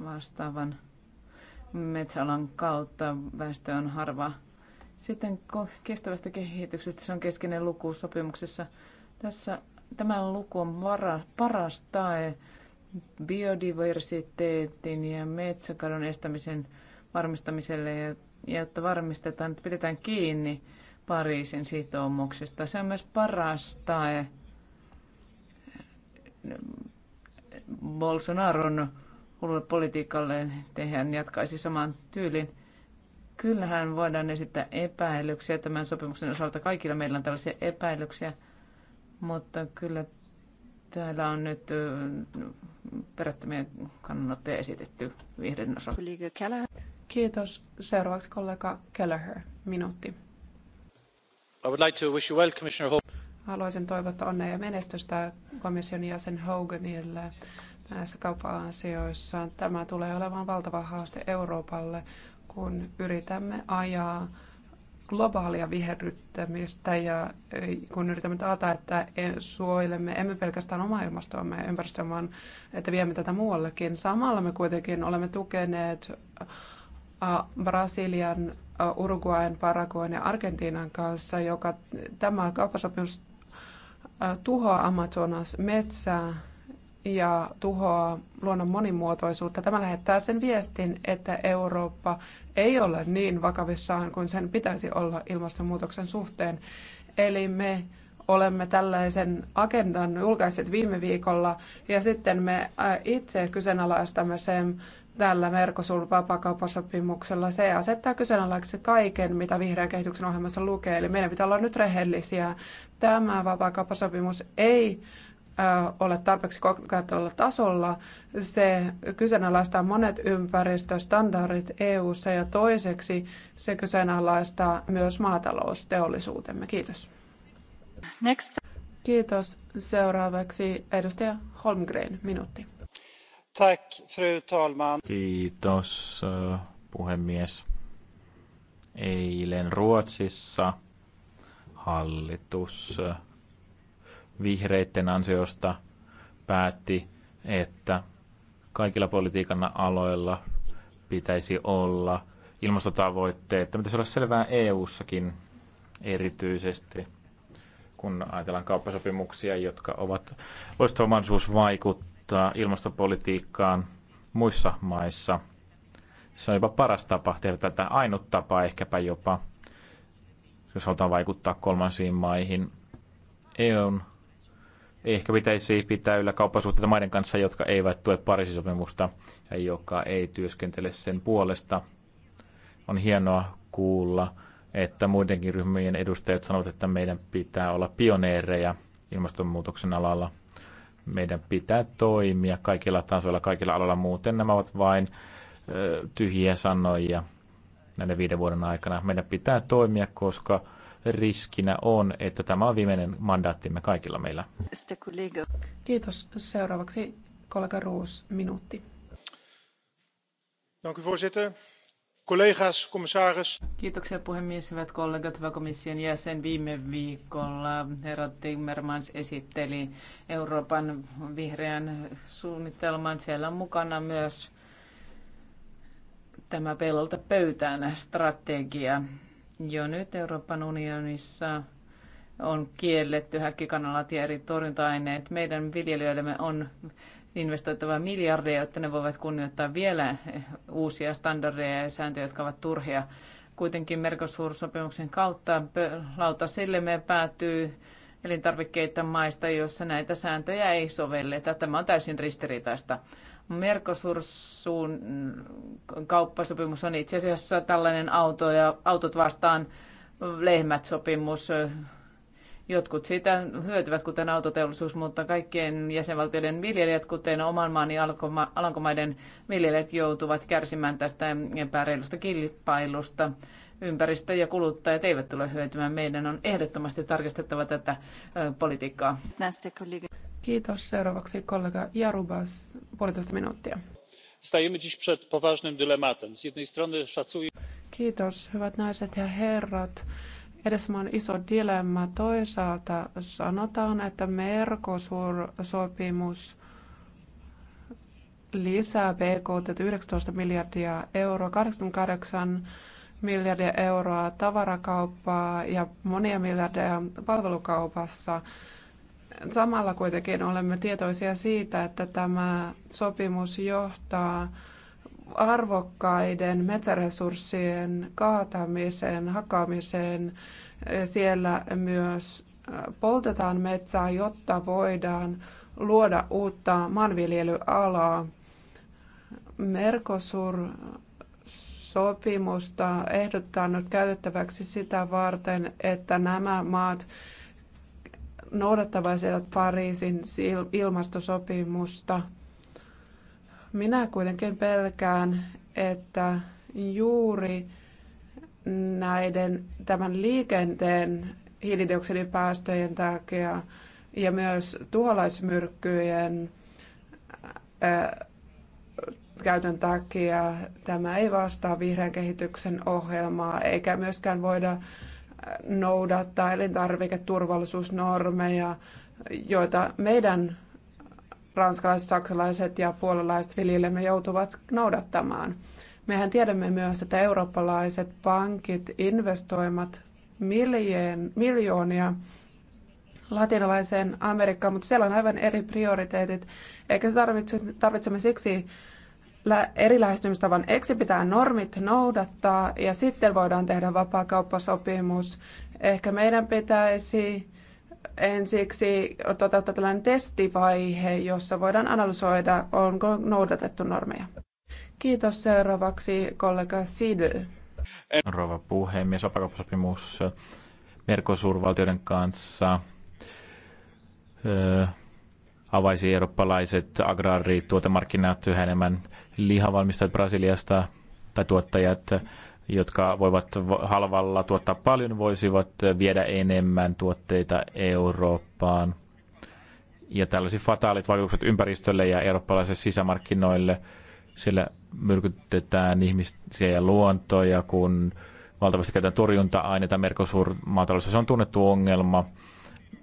vastaavan metsäalan kautta. Väestö on harva. Sitten kestävästä kehityksestä, se on keskeinen luku sopimuksessa. Tässä, tämä luku on paras tae biodiversiteetin ja metsäkadon estämisen varmistamiselle ja, ja varmistetaan, että pidetään kiinni Pariisin sitoumuksista. Se on myös paras tae Bolsonaron politiikalle, että hän jatkaisi saman tyylin. Kyllähän voidaan esittää epäilyksiä tämän sopimuksen osalta. Kaikilla meillä on tällaisia epäilyksiä, mutta kyllä täällä on nyt perättömiä kannanottoja esitetty vihreiden osalta. Kiitos. Seuraavaksi kollega Kelleher, minuutti. Haluaisin toivottaa onnea ja menestystä komission jäsen Hoganille näissä kauppa-asioissa. Tämä tulee olemaan valtava haaste Euroopalle, kun yritämme ajaa globaalia viherryttämistä ja e, kun yritämme taata, että e, suojelemme emme pelkästään omaa ilmastoamme ja ympäristöä, vaan että viemme tätä muuallekin. Samalla me kuitenkin olemme tukeneet Brasilian Uruguayn, Paraguayn ja Argentiinan kanssa, joka tämä kauppasopimus tuhoaa Amazonas metsää ja tuhoaa luonnon monimuotoisuutta. Tämä lähettää sen viestin, että Eurooppa ei ole niin vakavissaan kuin sen pitäisi olla ilmastonmuutoksen suhteen. Eli me olemme tällaisen agendan julkaisseet viime viikolla ja sitten me itse kyseenalaistamme sen tällä Mercosur-vapakauppasopimuksella. Se asettaa kyseenalaiseksi kaiken, mitä vihreän kehityksen ohjelmassa lukee. Eli meidän pitää olla nyt rehellisiä. Tämä vapakauppasopimus ei ole tarpeeksi korkealla tasolla. Se kyseenalaistaa monet ympäristöstandardit EU:ssa ja toiseksi se kyseenalaistaa myös maatalousteollisuutemme. Kiitos. Next. Kiitos. Seuraavaksi edustaja Holmgren, minuutti fru talman. Kiitos puhemies. Eilen Ruotsissa hallitus vihreiden ansiosta päätti, että kaikilla politiikan aloilla pitäisi olla ilmastotavoitteet. että pitäisi olla selvää eu ssakin erityisesti, kun ajatellaan kauppasopimuksia, jotka ovat loistava mahdollisuus vaikuttaa vaikuttaa ilmastopolitiikkaan muissa maissa. Se on jopa paras tapa tehdä tätä, ainut tapa ehkäpä jopa, jos halutaan vaikuttaa kolmansiin maihin. EUn ehkä pitäisi pitää yllä kauppasuhteita maiden kanssa, jotka eivät tue Pariisin sopimusta ja joka ei työskentele sen puolesta. On hienoa kuulla, että muidenkin ryhmien edustajat sanovat, että meidän pitää olla pioneereja ilmastonmuutoksen alalla – meidän pitää toimia kaikilla tasoilla, kaikilla aloilla. Muuten nämä ovat vain tyhjiä sanoja näiden viiden vuoden aikana. Meidän pitää toimia, koska riskinä on, että tämä on viimeinen mandaattimme kaikilla meillä. Kiitos. Seuraavaksi kollega Ruus, minuutti. Dank u voorzitter collega's, commissaris. Kiitoksia puhemies, hyvät kollegat, hyvä komission jäsen. Viime viikolla herra Timmermans esitteli Euroopan vihreän suunnitelman. Siellä on mukana myös tämä pelolta pöytään strategia. Jo nyt Euroopan unionissa on kielletty häkkikanalat ja eri torjunta-aineet. Meidän viljelijöillemme on investoitava miljardeja, jotta ne voivat kunnioittaa vielä uusia standardeja ja sääntöjä, jotka ovat turhia. Kuitenkin Mercosur-sopimuksen kautta lautasillemme päätyy elintarvikkeita maista, joissa näitä sääntöjä ei sovelleta. Tämä on täysin ristiriitaista. Mercosursuun kauppasopimus on itse asiassa tällainen auto ja autot vastaan lehmät sopimus. Jotkut siitä hyötyvät, kuten autoteollisuus, mutta kaikkien jäsenvaltioiden viljelijät, kuten oman maani alankomaiden viljelijät, joutuvat kärsimään tästä epäreilusta kilpailusta. Ympäristö ja kuluttajat eivät tule hyötymään. Meidän on ehdottomasti tarkistettava tätä politiikkaa. Kiitos. Seuraavaksi kollega Jarubas, puolitoista minuuttia. Stajemy dziś przed poważnym dylematem. Z jednej strony szacuję... Kiitos, hyvät naiset ja herrat. Edessä on iso dilemma. Toisaalta sanotaan, että Mercosur-sopimus lisää BKT 19 miljardia euroa, 88 miljardia euroa tavarakauppaa ja monia miljardeja palvelukaupassa. Samalla kuitenkin olemme tietoisia siitä, että tämä sopimus johtaa arvokkaiden metsäresurssien kaatamiseen, hakamiseen Siellä myös poltetaan metsää, jotta voidaan luoda uutta maanviljelyalaa. Mercosur-sopimusta ehdotetaan nyt käytettäväksi sitä varten, että nämä maat noudattavat Pariisin ilmastosopimusta – minä kuitenkin pelkään, että juuri näiden tämän liikenteen hiilidioksidipäästöjen takia ja myös tuholaismyrkkyjen ää, käytön takia tämä ei vastaa vihreän kehityksen ohjelmaa eikä myöskään voida noudattaa elintarviketurvallisuusnormeja, joita meidän ranskalaiset, saksalaiset ja puolalaiset viljelijämme joutuvat noudattamaan. Mehän tiedämme myös, että eurooppalaiset pankit investoivat miljeen, miljoonia latinalaiseen Amerikkaan, mutta siellä on aivan eri prioriteetit, eikä se tarvitse, tarvitsemme siksi eri lähestymistavan. Eksi pitää normit noudattaa ja sitten voidaan tehdä kauppasopimus. Ehkä meidän pitäisi ensiksi toteuttaa tällainen testivaihe, jossa voidaan analysoida, onko noudatettu normeja. Kiitos seuraavaksi kollega Sidl. Rova puhemies, vapakauppasopimus Merkosuurvaltioiden kanssa öö, avaisi eurooppalaiset agraarituotemarkkinat yhä enemmän lihavalmistajat Brasiliasta tai tuottajat jotka voivat halvalla tuottaa paljon, voisivat viedä enemmän tuotteita Eurooppaan. Ja tällaiset fataalit vaikutukset ympäristölle ja eurooppalaisille sisämarkkinoille, sillä myrkytetään ihmisiä ja luontoja, kun valtavasti käytetään torjunta-aineita merkosuur Se on tunnettu ongelma.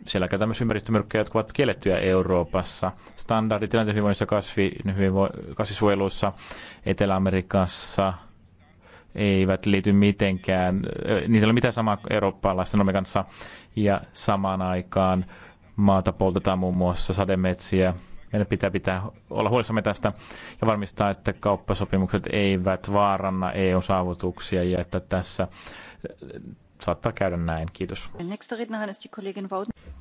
Siellä käytetään myös ympäristömyrkkejä, jotka ovat kiellettyjä Euroopassa. Standardit hyvinvoinnissa kasvi, hyvinvo, kasvisuojelussa Etelä-Amerikassa – eivät liity mitenkään, niillä ei ole mitään samaa eurooppalaisten normin kanssa, ja samaan aikaan maata poltetaan muun muassa sademetsiä. Meidän pitää, pitää olla huolissamme tästä ja varmistaa, että kauppasopimukset eivät vaaranna EU-saavutuksia ja että tässä saattaa käydä näin. Kiitos.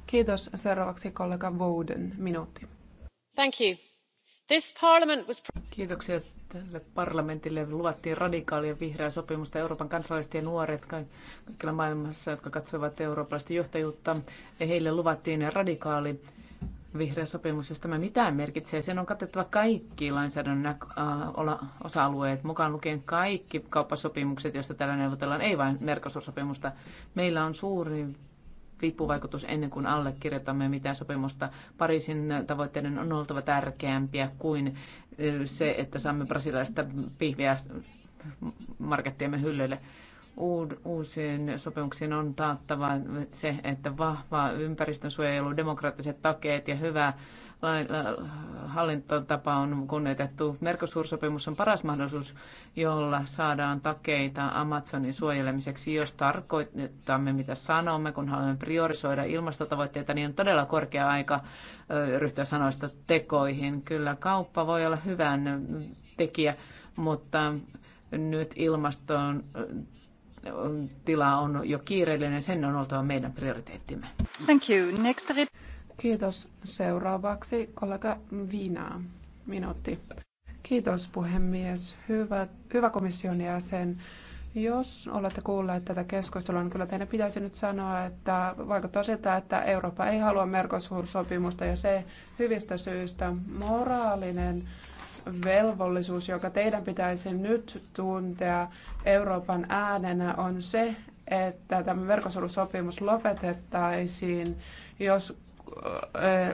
Kiitos. Seuraavaksi kollega Vouden minuutti. Thank you. This parliament was... Kiitoksia. Tälle parlamentille luvattiin radikaalia vihreää sopimusta Euroopan kansalaiset ja nuoret kaikilla maailmassa, jotka katsoivat eurooppalaista johtajuutta. Ja heille luvattiin radikaali vihreä sopimus, jos tämä mitään merkitsee. Sen on katettava kaikki lainsäädännön osa-alueet, mukaan lukien kaikki kauppasopimukset, joista täällä neuvotellaan, ei vain mercosur Meillä on suuri vipuvaikutus ennen kuin allekirjoitamme mitään sopimusta. Pariisin tavoitteiden on oltava tärkeämpiä kuin se, että saamme brasilaista pihviä markettiemme hyllylle uusiin sopimuksiin on taattava se, että vahva ympäristönsuojelu, demokraattiset takeet ja hyvä hallintotapa on kunnioitettu. Mercosur-sopimus on paras mahdollisuus, jolla saadaan takeita Amazonin suojelemiseksi. Jos tarkoitamme, mitä sanomme, kun haluamme priorisoida ilmastotavoitteita, niin on todella korkea aika ryhtyä sanoista tekoihin. Kyllä kauppa voi olla hyvän tekijä, mutta nyt ilmaston tila on jo kiireellinen, sen on oltava meidän prioriteettimme. Thank you. Next... Kiitos. Seuraavaksi kollega Viina Minuutti. Kiitos puhemies. Hyvä, hyvä komission jäsen. Jos olette kuulleet tätä keskustelua, niin kyllä teidän pitäisi nyt sanoa, että vaikuttaa siltä, että Eurooppa ei halua Mercosur-sopimusta ja se hyvistä syistä moraalinen velvollisuus, joka teidän pitäisi nyt tuntea, Euroopan äänenä on se, että tämä verkkosolusopimus lopetettaisiin, jos äh,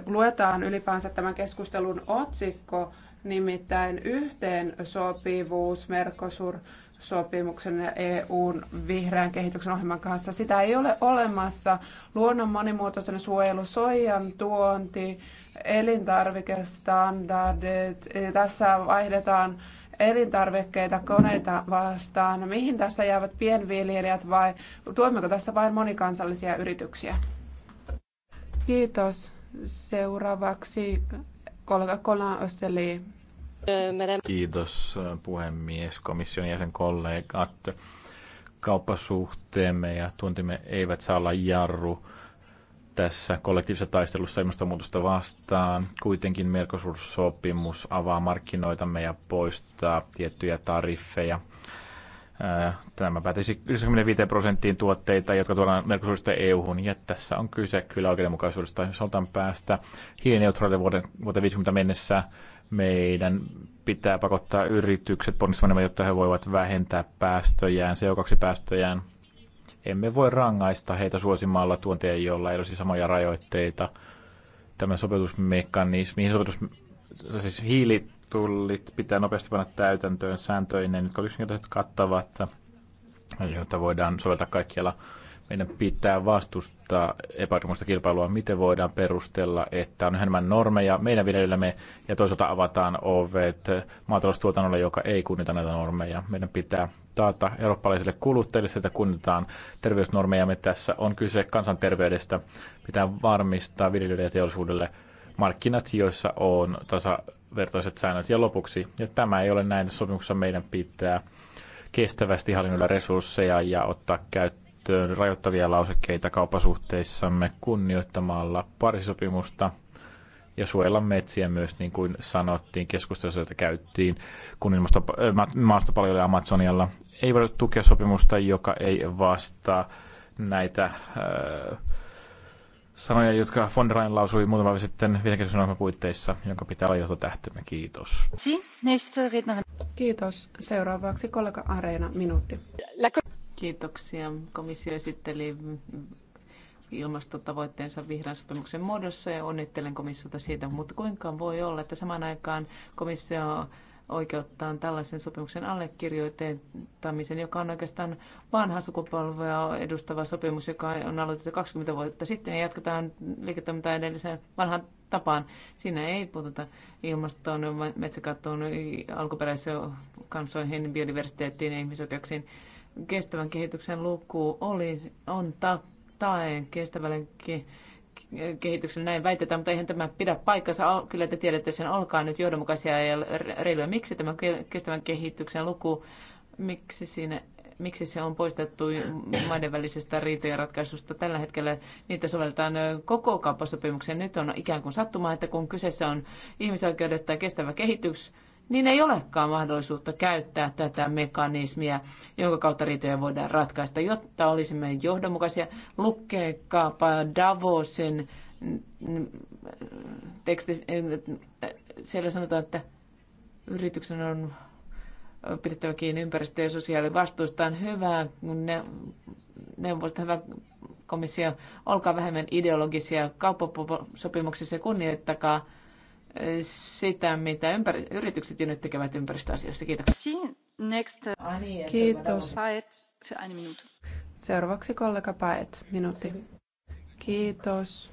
luetaan ylipäänsä tämän keskustelun otsikko, nimittäin sopivuus Mercosur-sopimuksen ja EUn vihreän kehityksen ohjelman kanssa. Sitä ei ole olemassa. Luonnon monimuotoisen suojelu, soijan tuonti, elintarvikestandardit. Tässä vaihdetaan elintarvikkeita koneita vastaan. Mihin tässä jäävät pienviljelijät vai tuemmeko tässä vain monikansallisia yrityksiä? Kiitos. Seuraavaksi kollega Kolan Osteli. Kiitos puhemies, komission jäsen kollegat. Kauppasuhteemme ja tuntimme eivät saa olla jarru tässä kollektiivisessa taistelussa ilmastonmuutosta vastaan. Kuitenkin Mercosur-sopimus avaa markkinoitamme ja poistaa tiettyjä tariffeja. Tämä päätisi 95 prosenttiin tuotteita, jotka tuodaan Mercosurista EU-hun, ja tässä on kyse kyllä oikeudenmukaisuudesta. Jos halutaan päästä hiilineutraalille vuoden, vuoteen 50 mennessä, meidän pitää pakottaa yritykset ponnistamaan, jotta he voivat vähentää päästöjään, CO2-päästöjään – emme voi rangaista heitä suosimalla tuonteja, joilla ei olisi samoja rajoitteita. Tämä sopeutusmekanismi, sopeutus, siis hiilitullit pitää nopeasti panna täytäntöön sääntöinen, jotka yksinkertaisesti kattavat, joita voidaan soveltaa kaikkialla meidän pitää vastustaa epäoikeudenmukaista kilpailua. Miten voidaan perustella, että on enemmän normeja meidän viljelyllämme ja toisaalta avataan ovet maataloustuotannolle, joka ei kunnita näitä normeja. Meidän pitää taata eurooppalaisille kuluttajille, että kunnitetaan terveysnormeja. Me tässä on kyse kansanterveydestä. Pitää varmistaa viljelijöille ja teollisuudelle markkinat, joissa on tasavertaiset säännöt. Ja lopuksi, ja tämä ei ole näin sopimuksessa, meidän pitää kestävästi hallinnoida resursseja ja ottaa käyttöön käyttöön rajoittavia lausekkeita kaupasuhteissamme kunnioittamalla parisopimusta ja suojella metsiä myös, niin kuin sanottiin keskustelussa, jota käyttiin kunnianmaasta maastopaljoille Amazonialla. Ei voida tukea sopimusta, joka ei vastaa näitä äh, sanoja, jotka von der Leyen lausui muutama vuosi sitten viidenkeskustelun puitteissa, jonka pitää olla johtotähtemme. Kiitos. Kiitos. Seuraavaksi kollega Areena, minuutti. Kiitoksia. Komissio esitteli ilmastotavoitteensa vihreän sopimuksen muodossa ja onnittelen komissiota siitä, mutta kuinka voi olla, että samaan aikaan komissio oikeuttaa tällaisen sopimuksen allekirjoittamisen, joka on oikeastaan vanha sukupolvea edustava sopimus, joka on aloitettu 20 vuotta sitten ja jatketaan liiketoimintaa edelliseen vanhan tapaan. Siinä ei puututa ilmastoon, metsäkattoon, alkuperäisiin kansoihin, biodiversiteettiin ja ihmisoikeuksiin kestävän kehityksen luku oli, on ta, tae kestävälle ke, kehityksen, näin väitetään, mutta eihän tämä pidä paikkansa. Kyllä te tiedätte sen, olkaa nyt johdonmukaisia ja reiluja. Miksi tämä kestävän kehityksen luku, miksi siinä miksi se on poistettu maiden välisestä riitojen ratkaisusta. Tällä hetkellä niitä sovelletaan koko kauppasopimuksen. Nyt on ikään kuin sattumaa, että kun kyseessä on ihmisoikeudet tai kestävä kehitys, niin ei olekaan mahdollisuutta käyttää tätä mekanismia, jonka kautta riitoja voidaan ratkaista, jotta olisimme johdonmukaisia. Lukekaapa Davosin mm, mm, teksti, mm, siellä sanotaan, että yrityksen on pidettävä kiinni ympäristö- ja sosiaalivastuistaan. Hyvä, ne, neuvosta, hyvä komissio, olkaa vähemmän ideologisia kauppasopimuksissa ja kunnioittakaa sitä, mitä ympäri, yritykset jo nyt tekevät ympäristöasioissa. Kiitoksia. Next. Uh, niin, Kiitos. Seuraavaksi kollega Paet, minuutti. Kiitos.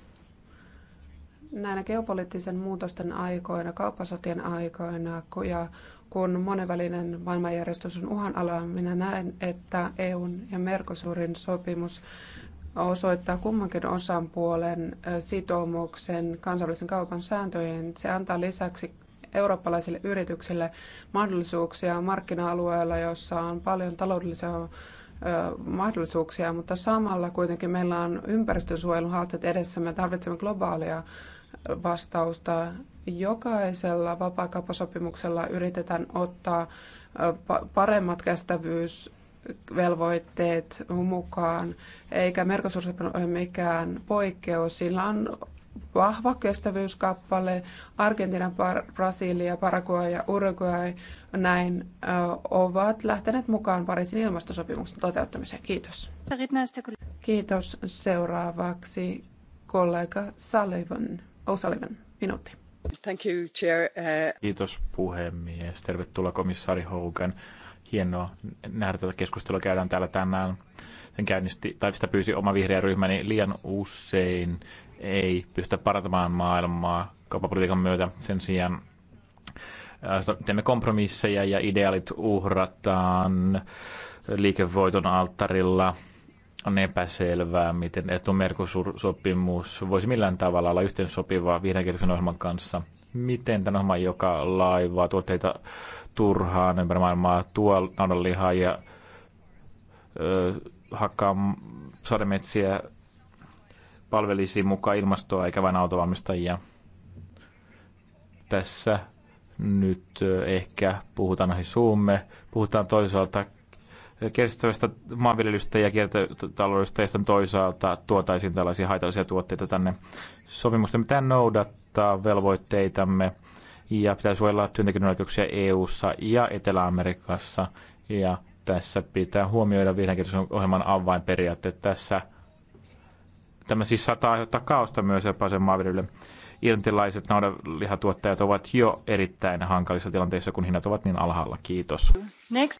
Näinä geopoliittisen muutosten aikoina, kauppasotien aikoina ja kun monenvälinen maailmanjärjestys on uhan ala, minä näen, että EUn ja Mercosurin sopimus osoittaa kummankin osapuolen sitoumuksen kansainvälisen kaupan sääntöihin. Se antaa lisäksi eurooppalaisille yrityksille mahdollisuuksia markkina-alueella, jossa on paljon taloudellisia mahdollisuuksia, mutta samalla kuitenkin meillä on ympäristönsuojelun haasteet edessä. Me tarvitsemme globaalia vastausta. Jokaisella vapaakauppasopimuksella yritetään ottaa paremmat kestävyys velvoitteet mukaan, eikä Mercosur ole mikään poikkeus. Sillä on vahva kestävyyskappale. Argentina, Brasilia, Paraguay ja Uruguay näin ovat lähteneet mukaan Pariisin ilmastosopimuksen toteuttamiseen. Kiitos. Kiitos. Seuraavaksi kollega Sullivan. O'Sullivan, minuutti. Thank you, chair. Uh, Kiitos puhemies. Tervetuloa komissaari Hogan hienoa nähdä tätä keskustelua käydään täällä tänään. Sen käynnisti, tai sitä pyysi oma vihreä ryhmäni niin liian usein ei pystytä parantamaan maailmaa kauppapolitiikan myötä. Sen sijaan äh, teemme kompromisseja ja ideaalit uhrataan liikevoiton alttarilla. On epäselvää, miten etumerkosopimus voisi millään tavalla olla yhteensopivaa vihreän ohjelman kanssa. Miten tämän ohjelman, joka laivaa tuotteita turhaan ympäri maailmaa tuo naudanlihaa ja ö, hakkaa sademetsiä palvelisi mukaan ilmastoa eikä vain autovalmistajia. Tässä nyt ehkä puhutaan noihin suumme. Puhutaan toisaalta kestävästä maanviljelystä ja kiertotaloudesta ja sitten toisaalta tuotaisiin tällaisia haitallisia tuotteita tänne. Sopimusten pitää noudattaa velvoitteitamme ja pitää suojella työntekijöiden oikeuksia EU-ssa ja Etelä-Amerikassa. Ja tässä pitää huomioida vihreän ohjelman avainperiaatteet tässä. Tämä siis saattaa aiheuttaa kaosta myös sen maanviljelylle. Irlantilaiset naudanlihatuottajat ovat jo erittäin hankalissa tilanteissa, kun hinnat ovat niin alhaalla. Kiitos. Next.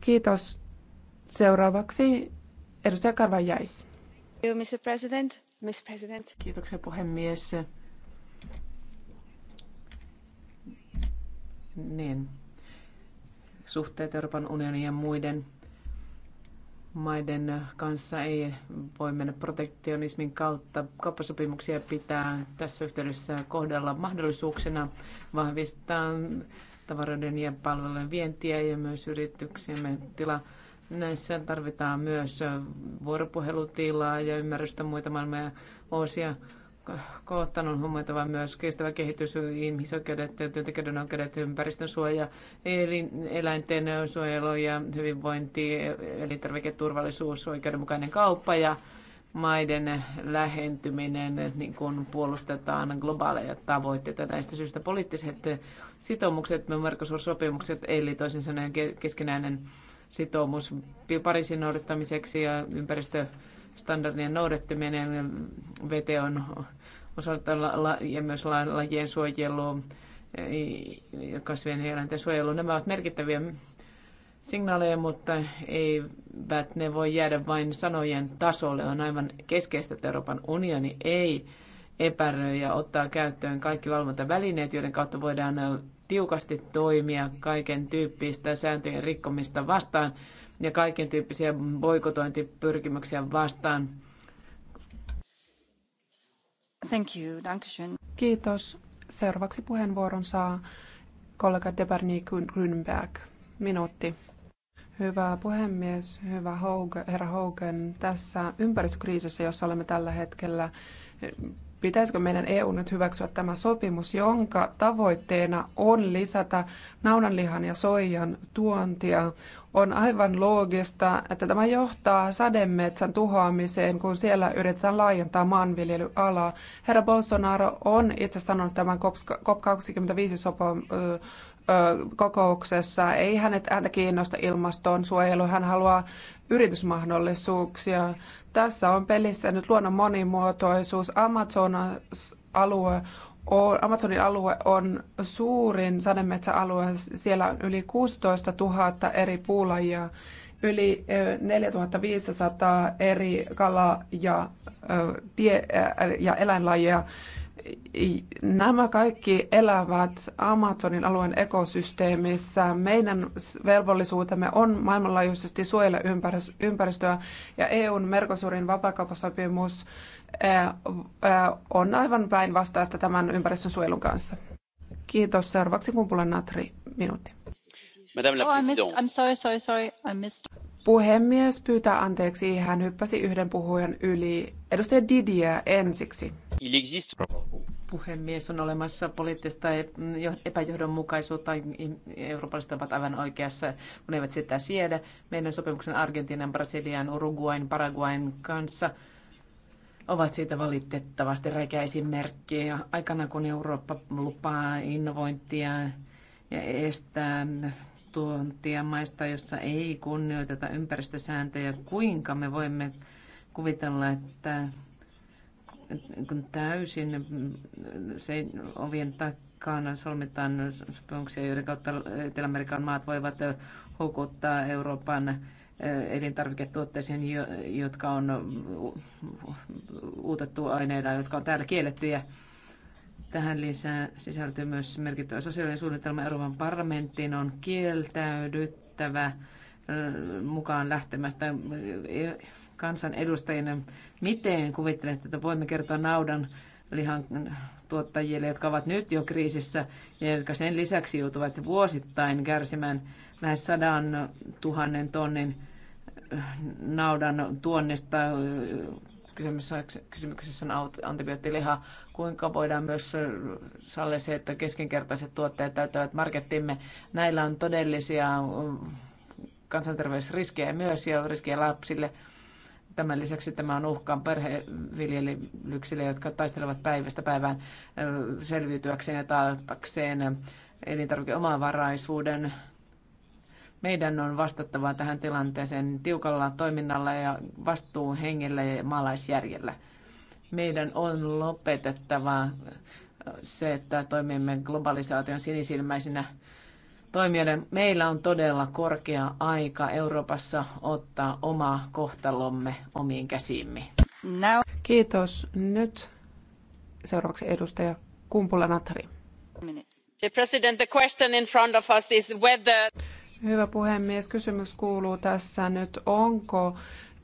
Kiitos. Seuraavaksi edustaja Karvajais. Kiitoksia puhemies. Niin. Suhteet Euroopan unionin ja muiden maiden kanssa ei voi mennä protektionismin kautta. Kauppasopimuksia pitää tässä yhteydessä kohdella mahdollisuuksena vahvistaa tavaroiden ja palvelujen vientiä ja myös yrityksiämme tila. Näissä tarvitaan myös vuoropuhelutilaa ja ymmärrystä muita maailman osia kohtaan on huomioitava myös kestävä kehitys, ihmisoikeudet, työntekijöiden oikeudet, ympäristön suoja, eläinten suojelu ja hyvinvointi, elintarviketurvallisuus, oikeudenmukainen kauppa ja maiden lähentyminen, niin kun puolustetaan globaaleja tavoitteita. Näistä syystä poliittiset sitoumukset, Mercosur-sopimukset, eli toisin sanoen keskinäinen sitoumus Pariisin noudattamiseksi ja ympäristöstandardien noudattaminen VTOn osalta ja myös lajien suojelu, kasvien ja eläinten suojelu, nämä ovat merkittäviä signaaleja, mutta eivät ne voi jäädä vain sanojen tasolle. On aivan keskeistä, että Euroopan unioni ei epäröi ja ottaa käyttöön kaikki valvontavälineet, joiden kautta voidaan tiukasti toimia kaiken tyyppistä sääntöjen rikkomista vastaan ja kaiken tyyppisiä boikotointipyrkimyksiä vastaan. Thank you. Dankeschön. Kiitos. Seuraavaksi puheenvuoron saa kollega Deberni Grünberg. Minuutti. Hyvä puhemies, hyvä Hogan, herra Hogan. Tässä ympäristökriisissä, jossa olemme tällä hetkellä, pitäisikö meidän EU nyt hyväksyä tämä sopimus, jonka tavoitteena on lisätä naudanlihan ja soijan tuontia. On aivan loogista, että tämä johtaa sademetsän tuhoamiseen, kun siellä yritetään laajentaa maanviljelyalaa. Herra Bolsonaro on itse sanonut tämän COP25 kokouksessa. Ei hänet ääntä kiinnosta suojelu, hän haluaa yritysmahdollisuuksia. Tässä on pelissä nyt luonnon monimuotoisuus. Amazonas alue on, Amazonin alue on suurin sademetsäalue. Siellä on yli 16 000 eri puulajia, yli 4500 eri kala- ja, ja eläinlajia. Nämä kaikki elävät Amazonin alueen ekosysteemissä. Meidän velvollisuutemme on maailmanlaajuisesti suojella ympäristöä ja EUn Mercosurin vapaakauppasopimus eh, eh, on aivan päinvastaista tämän ympäristönsuojelun kanssa. Kiitos. Seuraavaksi kumpulan natri minuutti. Madame la oh, I missed, I'm sorry, sorry, sorry. I missed. Puhemies pyytää anteeksi, hän hyppäsi yhden puhujan yli. Edustaja Didier ensiksi. Puhemies, on olemassa poliittista epäjohdonmukaisuutta. Eurooppalaiset ovat aivan oikeassa, kun eivät sitä siedä. Meidän sopimuksen Argentiinan, Brasilian, Uruguain, Paraguain kanssa ovat siitä valitettavasti räikeä esimerkki. Aikana kun Eurooppa lupaa innovointia ja estää tuontia maista, jossa ei kunnioiteta ympäristösääntöjä. Kuinka me voimme kuvitella, että kun täysin se ovien takana solmitaan sopimuksia, joiden kautta Etelä-Amerikan maat voivat houkuttaa Euroopan eh, elintarviketuotteisiin, jotka on uutettu aineilla, jotka on täällä kiellettyjä. Tähän lisää sisältyy myös merkittävä sosiaalinen suunnitelma. Euroopan parlamenttiin on kieltäydyttävä äh, mukaan lähtemästä äh, kansanedustajina. Miten kuvittelette, että voimme kertoa naudan lihan tuottajille, jotka ovat nyt jo kriisissä ja jotka sen lisäksi joutuvat vuosittain kärsimään lähes sadan tuhannen tonnin äh, naudan tuonnesta kysymyksessä on antibioottiliha, kuinka voidaan myös sallia se, että keskinkertaiset tuotteet täyttävät markettimme. Näillä on todellisia kansanterveysriskejä myös ja riskejä lapsille. Tämän lisäksi tämä on uhkaan perheviljelyksille, jotka taistelevat päivästä päivään selviytyäkseen ja taatakseen elintarvikeomavaraisuuden. Meidän on vastattava tähän tilanteeseen tiukalla toiminnalla ja hengellä ja maalaisjärjellä. Meidän on lopetettava se, että toimimme globalisaation sinisilmäisinä toimijoiden. Meillä on todella korkea aika Euroopassa ottaa oma kohtalomme omiin käsiimme. Kiitos. Nyt seuraavaksi edustaja Kumpula-Natri. The president, the question in front of us is whether... Hyvä puhemies, kysymys kuuluu tässä nyt, onko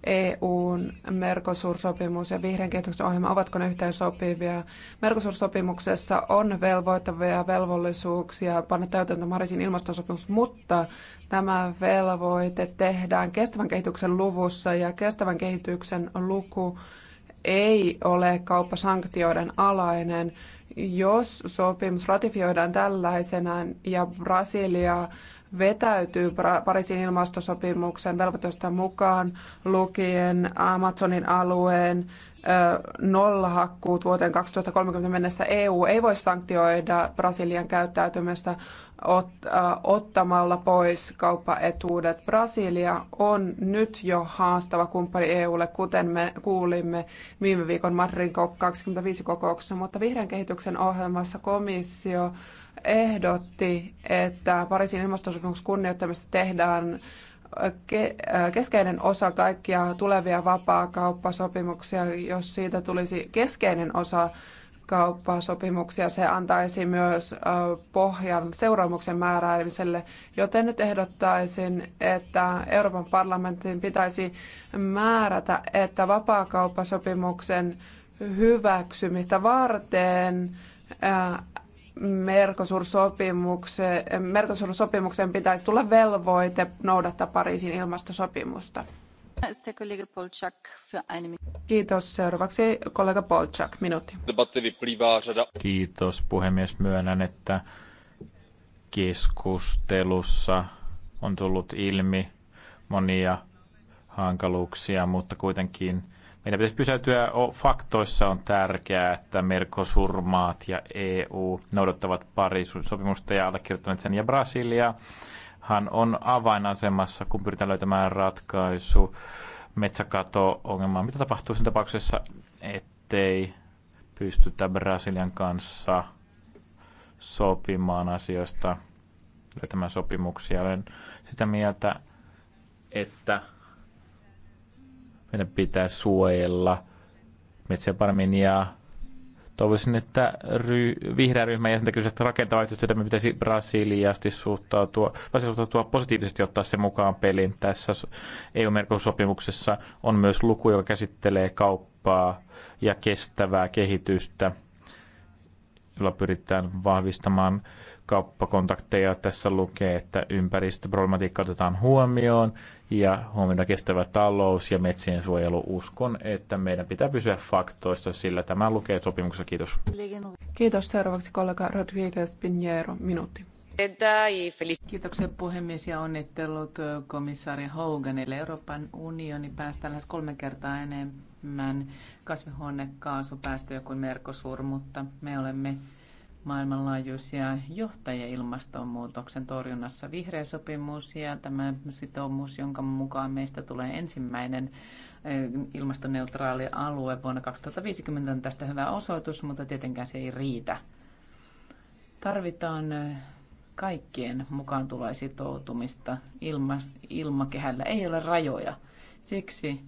EUn Mercosur-sopimus ja vihreän kehityksen ohjelma, ovatko ne yhteen sopivia? Mercosur-sopimuksessa on velvoittavia velvollisuuksia panna täytäntöön Marisin ilmastosopimus, mutta tämä velvoite tehdään kestävän kehityksen luvussa ja kestävän kehityksen luku ei ole kauppasanktioiden alainen. Jos sopimus ratifioidaan tällaisenaan ja Brasilia vetäytyy Pariisin ilmastosopimuksen velvoitosta mukaan lukien Amazonin alueen nollahakkuut vuoteen 2030 mennessä EU ei voi sanktioida Brasilian käyttäytymistä ottamalla pois kauppaetuudet. Brasilia on nyt jo haastava kumppani EUlle, kuten me kuulimme viime viikon Madridin COP25-kokouksessa, mutta vihreän kehityksen ohjelmassa komissio ehdotti, että Pariisin ilmastosopimuksen kunnioittamista tehdään äh, keskeinen osa kaikkia tulevia vapaakauppasopimuksia, jos siitä tulisi keskeinen osa kauppasopimuksia, se antaisi myös äh, pohjan seuraamuksen määräämiselle, joten nyt ehdottaisin, että Euroopan parlamentin pitäisi määrätä, että vapaakauppasopimuksen hyväksymistä varten äh, Mercosur-sopimukseen, Mercosur-sopimukseen pitäisi tulla velvoite noudattaa Pariisin ilmastosopimusta. Kiitos. Seuraavaksi kollega Polchak, minuutti. Kiitos puhemies. Myönnän, että keskustelussa on tullut ilmi monia hankaluuksia, mutta kuitenkin – meidän pitäisi pysäytyä faktoissa. On tärkeää, että Mercosurmaat ja EU noudattavat pari sopimusta ja allekirjoittaneet sen. Ja Brasilia hän on avainasemassa, kun pyritään löytämään ratkaisu metsäkato-ongelmaan. Mitä tapahtuu sen tapauksessa, ettei pystytä Brasilian kanssa sopimaan asioista, löytämään sopimuksia. Olen sitä mieltä, että meidän pitää suojella metsiä paremmin ja toivoisin, että ry- vihreä ryhmä ja sen takia rakentavaa yhteistyötä me pitäisi Brasiliasti suhtautua, suhtautua positiivisesti ottaa se mukaan peliin. Tässä eu merkosopimuksessa on myös luku, joka käsittelee kauppaa ja kestävää kehitystä, jolla pyritään vahvistamaan kauppakontakteja. Tässä lukee, että ympäristöproblematiikka otetaan huomioon ja huomioida kestävä talous ja metsien suojelu. Uskon, että meidän pitää pysyä faktoista, sillä tämä lukee sopimuksessa. Kiitos. Kiitos. Seuraavaksi kollega Rodriguez Pinheiro, minuutti. Kiitoksia puhemies ja onnittelut komissaari Hoganille. Euroopan unioni päästää lähes kolme kertaa enemmän kasvihuonekaasupäästöjä kuin Mercosur, mutta me olemme maailmanlaajuisia johtajia ilmastonmuutoksen torjunnassa. Vihreä sopimus ja tämä sitoumus, jonka mukaan meistä tulee ensimmäinen ilmastoneutraali alue vuonna 2050 on tästä hyvä osoitus, mutta tietenkään se ei riitä. Tarvitaan kaikkien mukaan tulee sitoutumista. Ilma, ilmakehällä ei ole rajoja. Siksi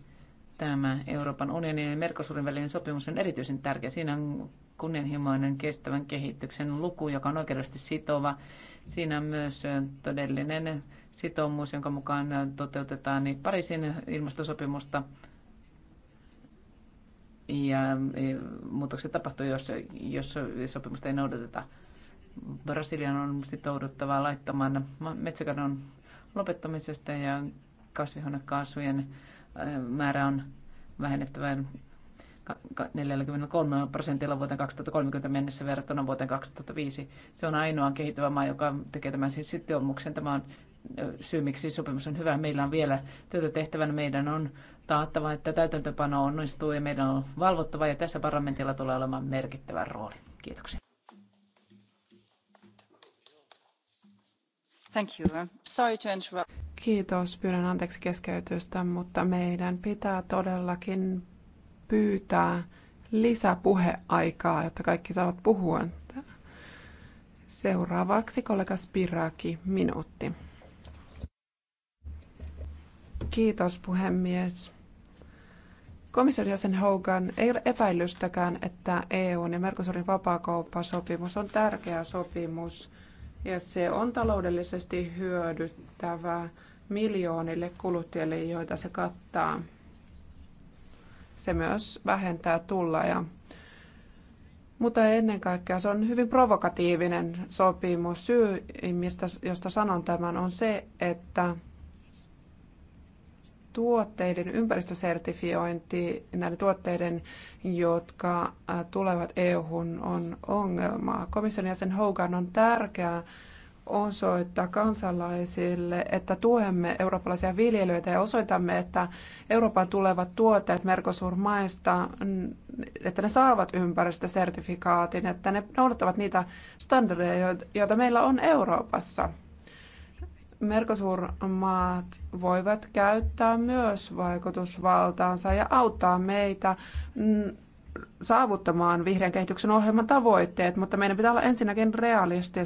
tämä Euroopan unionin ja Merkosurin välinen sopimus on erityisen tärkeä. Siinä on kunnianhimoinen kestävän kehityksen luku, joka on oikeudellisesti sitova. Siinä on myös todellinen sitoumus, jonka mukaan toteutetaan niin Pariisin ilmastosopimusta ja e, muutokset tapahtuu, jos, jos sopimusta ei noudateta. Brasilian on sitouduttava laittamaan metsäkadon lopettamisesta ja kasvihuonekaasujen määrä on vähennettävä 43 prosentilla vuoteen 2030 mennessä verrattuna vuoteen 2005. Se on ainoa kehittyvä maa, joka tekee tämän siis sitoumuksen. Tämä on syy, miksi siis sopimus on hyvä. Meillä on vielä työtä tehtävänä. Meidän on taattava, että täytäntöpano onnistuu ja meidän on valvottava. Ja tässä parlamentilla tulee olemaan merkittävä rooli. Kiitoksia. Thank you. Sorry to interrupt. Kiitos, pyydän anteeksi keskeytystä, mutta meidän pitää todellakin pyytää lisäpuheaikaa, jotta kaikki saavat puhua. Seuraavaksi kollega Spiraki, minuutti. Kiitos puhemies. Komission jäsen Hogan ei ole epäilystäkään, että EU ja Mercosurin vapaakauppasopimus on tärkeä sopimus ja se on taloudellisesti hyödyttävä miljoonille kuluttajille, joita se kattaa. Se myös vähentää tulla ja Mutta ennen kaikkea se on hyvin provokatiivinen sopimus. Syy, mistä, josta sanon tämän, on se, että tuotteiden ympäristösertifiointi näiden tuotteiden, jotka äh, tulevat EU-hun, on ongelma. Komission jäsen Hogan on tärkeää, osoittaa kansalaisille, että tuemme eurooppalaisia viljelijöitä ja osoitamme, että Euroopan tulevat tuotteet Mercosur-maista, että ne saavat ympäristösertifikaatin, että ne noudattavat niitä standardeja, joita meillä on Euroopassa. Mercosur-maat voivat käyttää myös vaikutusvaltaansa ja auttaa meitä saavuttamaan vihreän kehityksen ohjelman tavoitteet, mutta meidän pitää olla ensinnäkin realistisia